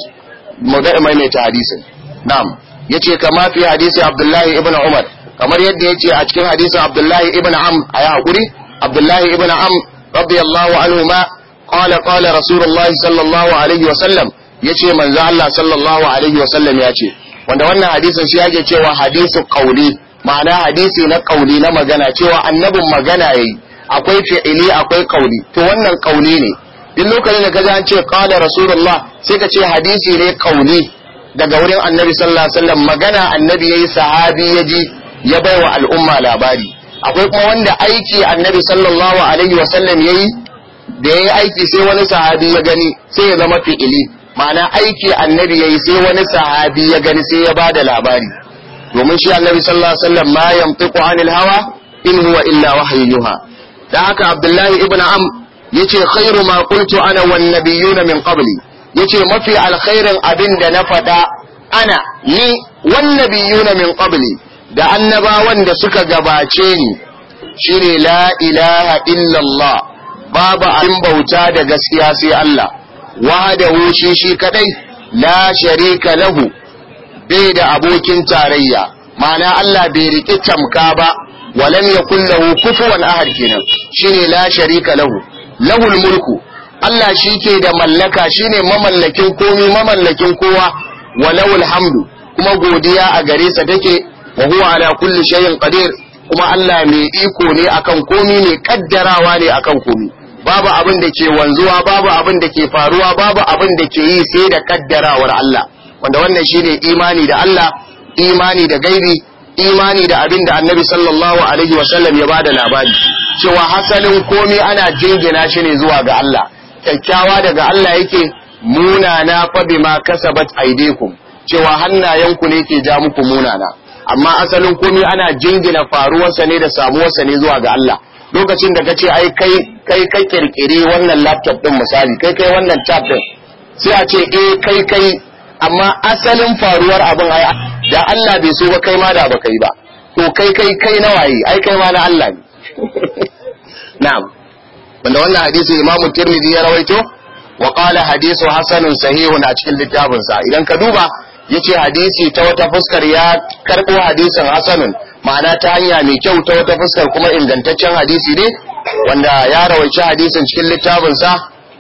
magana mai ta hadisin na'am yace kama fi hadisi Abdullahi ibn Umar kamar yadda yace a cikin hadisin Abdullahi ibn Am ayi hakuri Abdullahi ibn Am radiyallahu anhu ma qala qala Rasulullahi sallallahu alaihi wa sallam yace manzo Allah sallallahu alaihi wasallam ya ce wanda wannan hadisin shi yake cewa hadisu qauli ma'ana hadisi na qauli na magana cewa annabin magana yayi akwai fi'ili akwai qauli to wannan qauli ne duk lokacin da kaji an ce qala rasulullah sai ka ce hadisi ne qauli daga wurin annabi sallallahu alaihi wasallam magana annabi yayi sahabi yaji ya baiwa al'umma labari akwai kuma wanda aiki annabi sallallahu alaihi wasallam yayi da yayi aiki sai wani sahabi ya gani sai ya zama fi'ili ma'ana aiki annabi yayi sai wani sahabi ya gani sai ya bada labari domin shi annabi sallallahu alaihi wasallam ma yantiqu anil hawa in huwa illa wahyu yuha dan haka abdullahi Ibn am yace khairu ma qultu ana wan nabiyuna min qabli yace mafi alkhairin abin da na faɗa ana ni wan nabiyuna min qabli da annabawan da suka gabace ni shine la ilaha illallah babu abin bauta da gaskiya sai Allah wahdahu shi shi kadai la sharika lahu bai da abokin tarayya ma'ana Allah bai riki tamka ba walam yakul lahu kufuwan ahad kenan shine la sharika lahu lahul mulku Allah shi ke da mallaka shine mamallakin komi mamallakin kowa walawul hamdu kuma godiya a gare sa take wa huwa ala kulli shay'in qadir kuma Allah mai iko ne akan komi ne kaddarawa ne akan komi babu abin da ke wanzuwa babu abin da ke faruwa babu abin da ke yi sai da kaddarawar Allah wanda wannan shine imani da Allah imani da gairi imani da abin da annabi sallallahu alaihi wa sallam ya bada labari cewa hasalin komi ana jingina shi ne zuwa ga Allah kyakkyawa daga Allah yake munana fa bima kasabat aidikum cewa hannayenku ne ke ja muku munana amma asalin komi ana jingina faruwarsa ne da samuwarsa ne zuwa ga Allah lokacin da kace ai kai kai kai kirkire wannan laptop din misali kai kai wannan chat din sai a ce eh kai kai amma asalin faruwar abin ai da Allah bai so ba kai ma da ba kai ba to kai kai kai na waye ai kai ma na Allah ne na'am wanda wannan hadisi Imam Tirmidhi ya rawaito wa qala hadithu hasanun sahihun a cikin littafinsa idan ka duba yace hadisi ta wata fuskar ya karbo hadisin hasanun ma'ana ta hanya mai kyau ta wata fuskar kuma ingantaccen hadisi ne wanda ya rawaici hadisin cikin littafinsa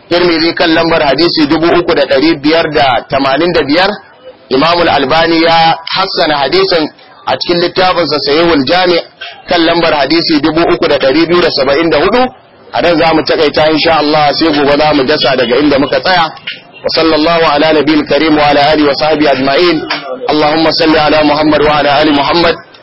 tirmidhi kan lambar hadisi 3585 imamul albani ya hassana hadisin a cikin littafinsa sayewul jami kan lambar hadisi 3274 a nan za mu takaita insha Allah sai gobe za mu dasa daga inda muka tsaya وصلى الله على نبي الكريم وعلى آله وصحبه أجمعين اللهم صل على محمد وعلى آل محمد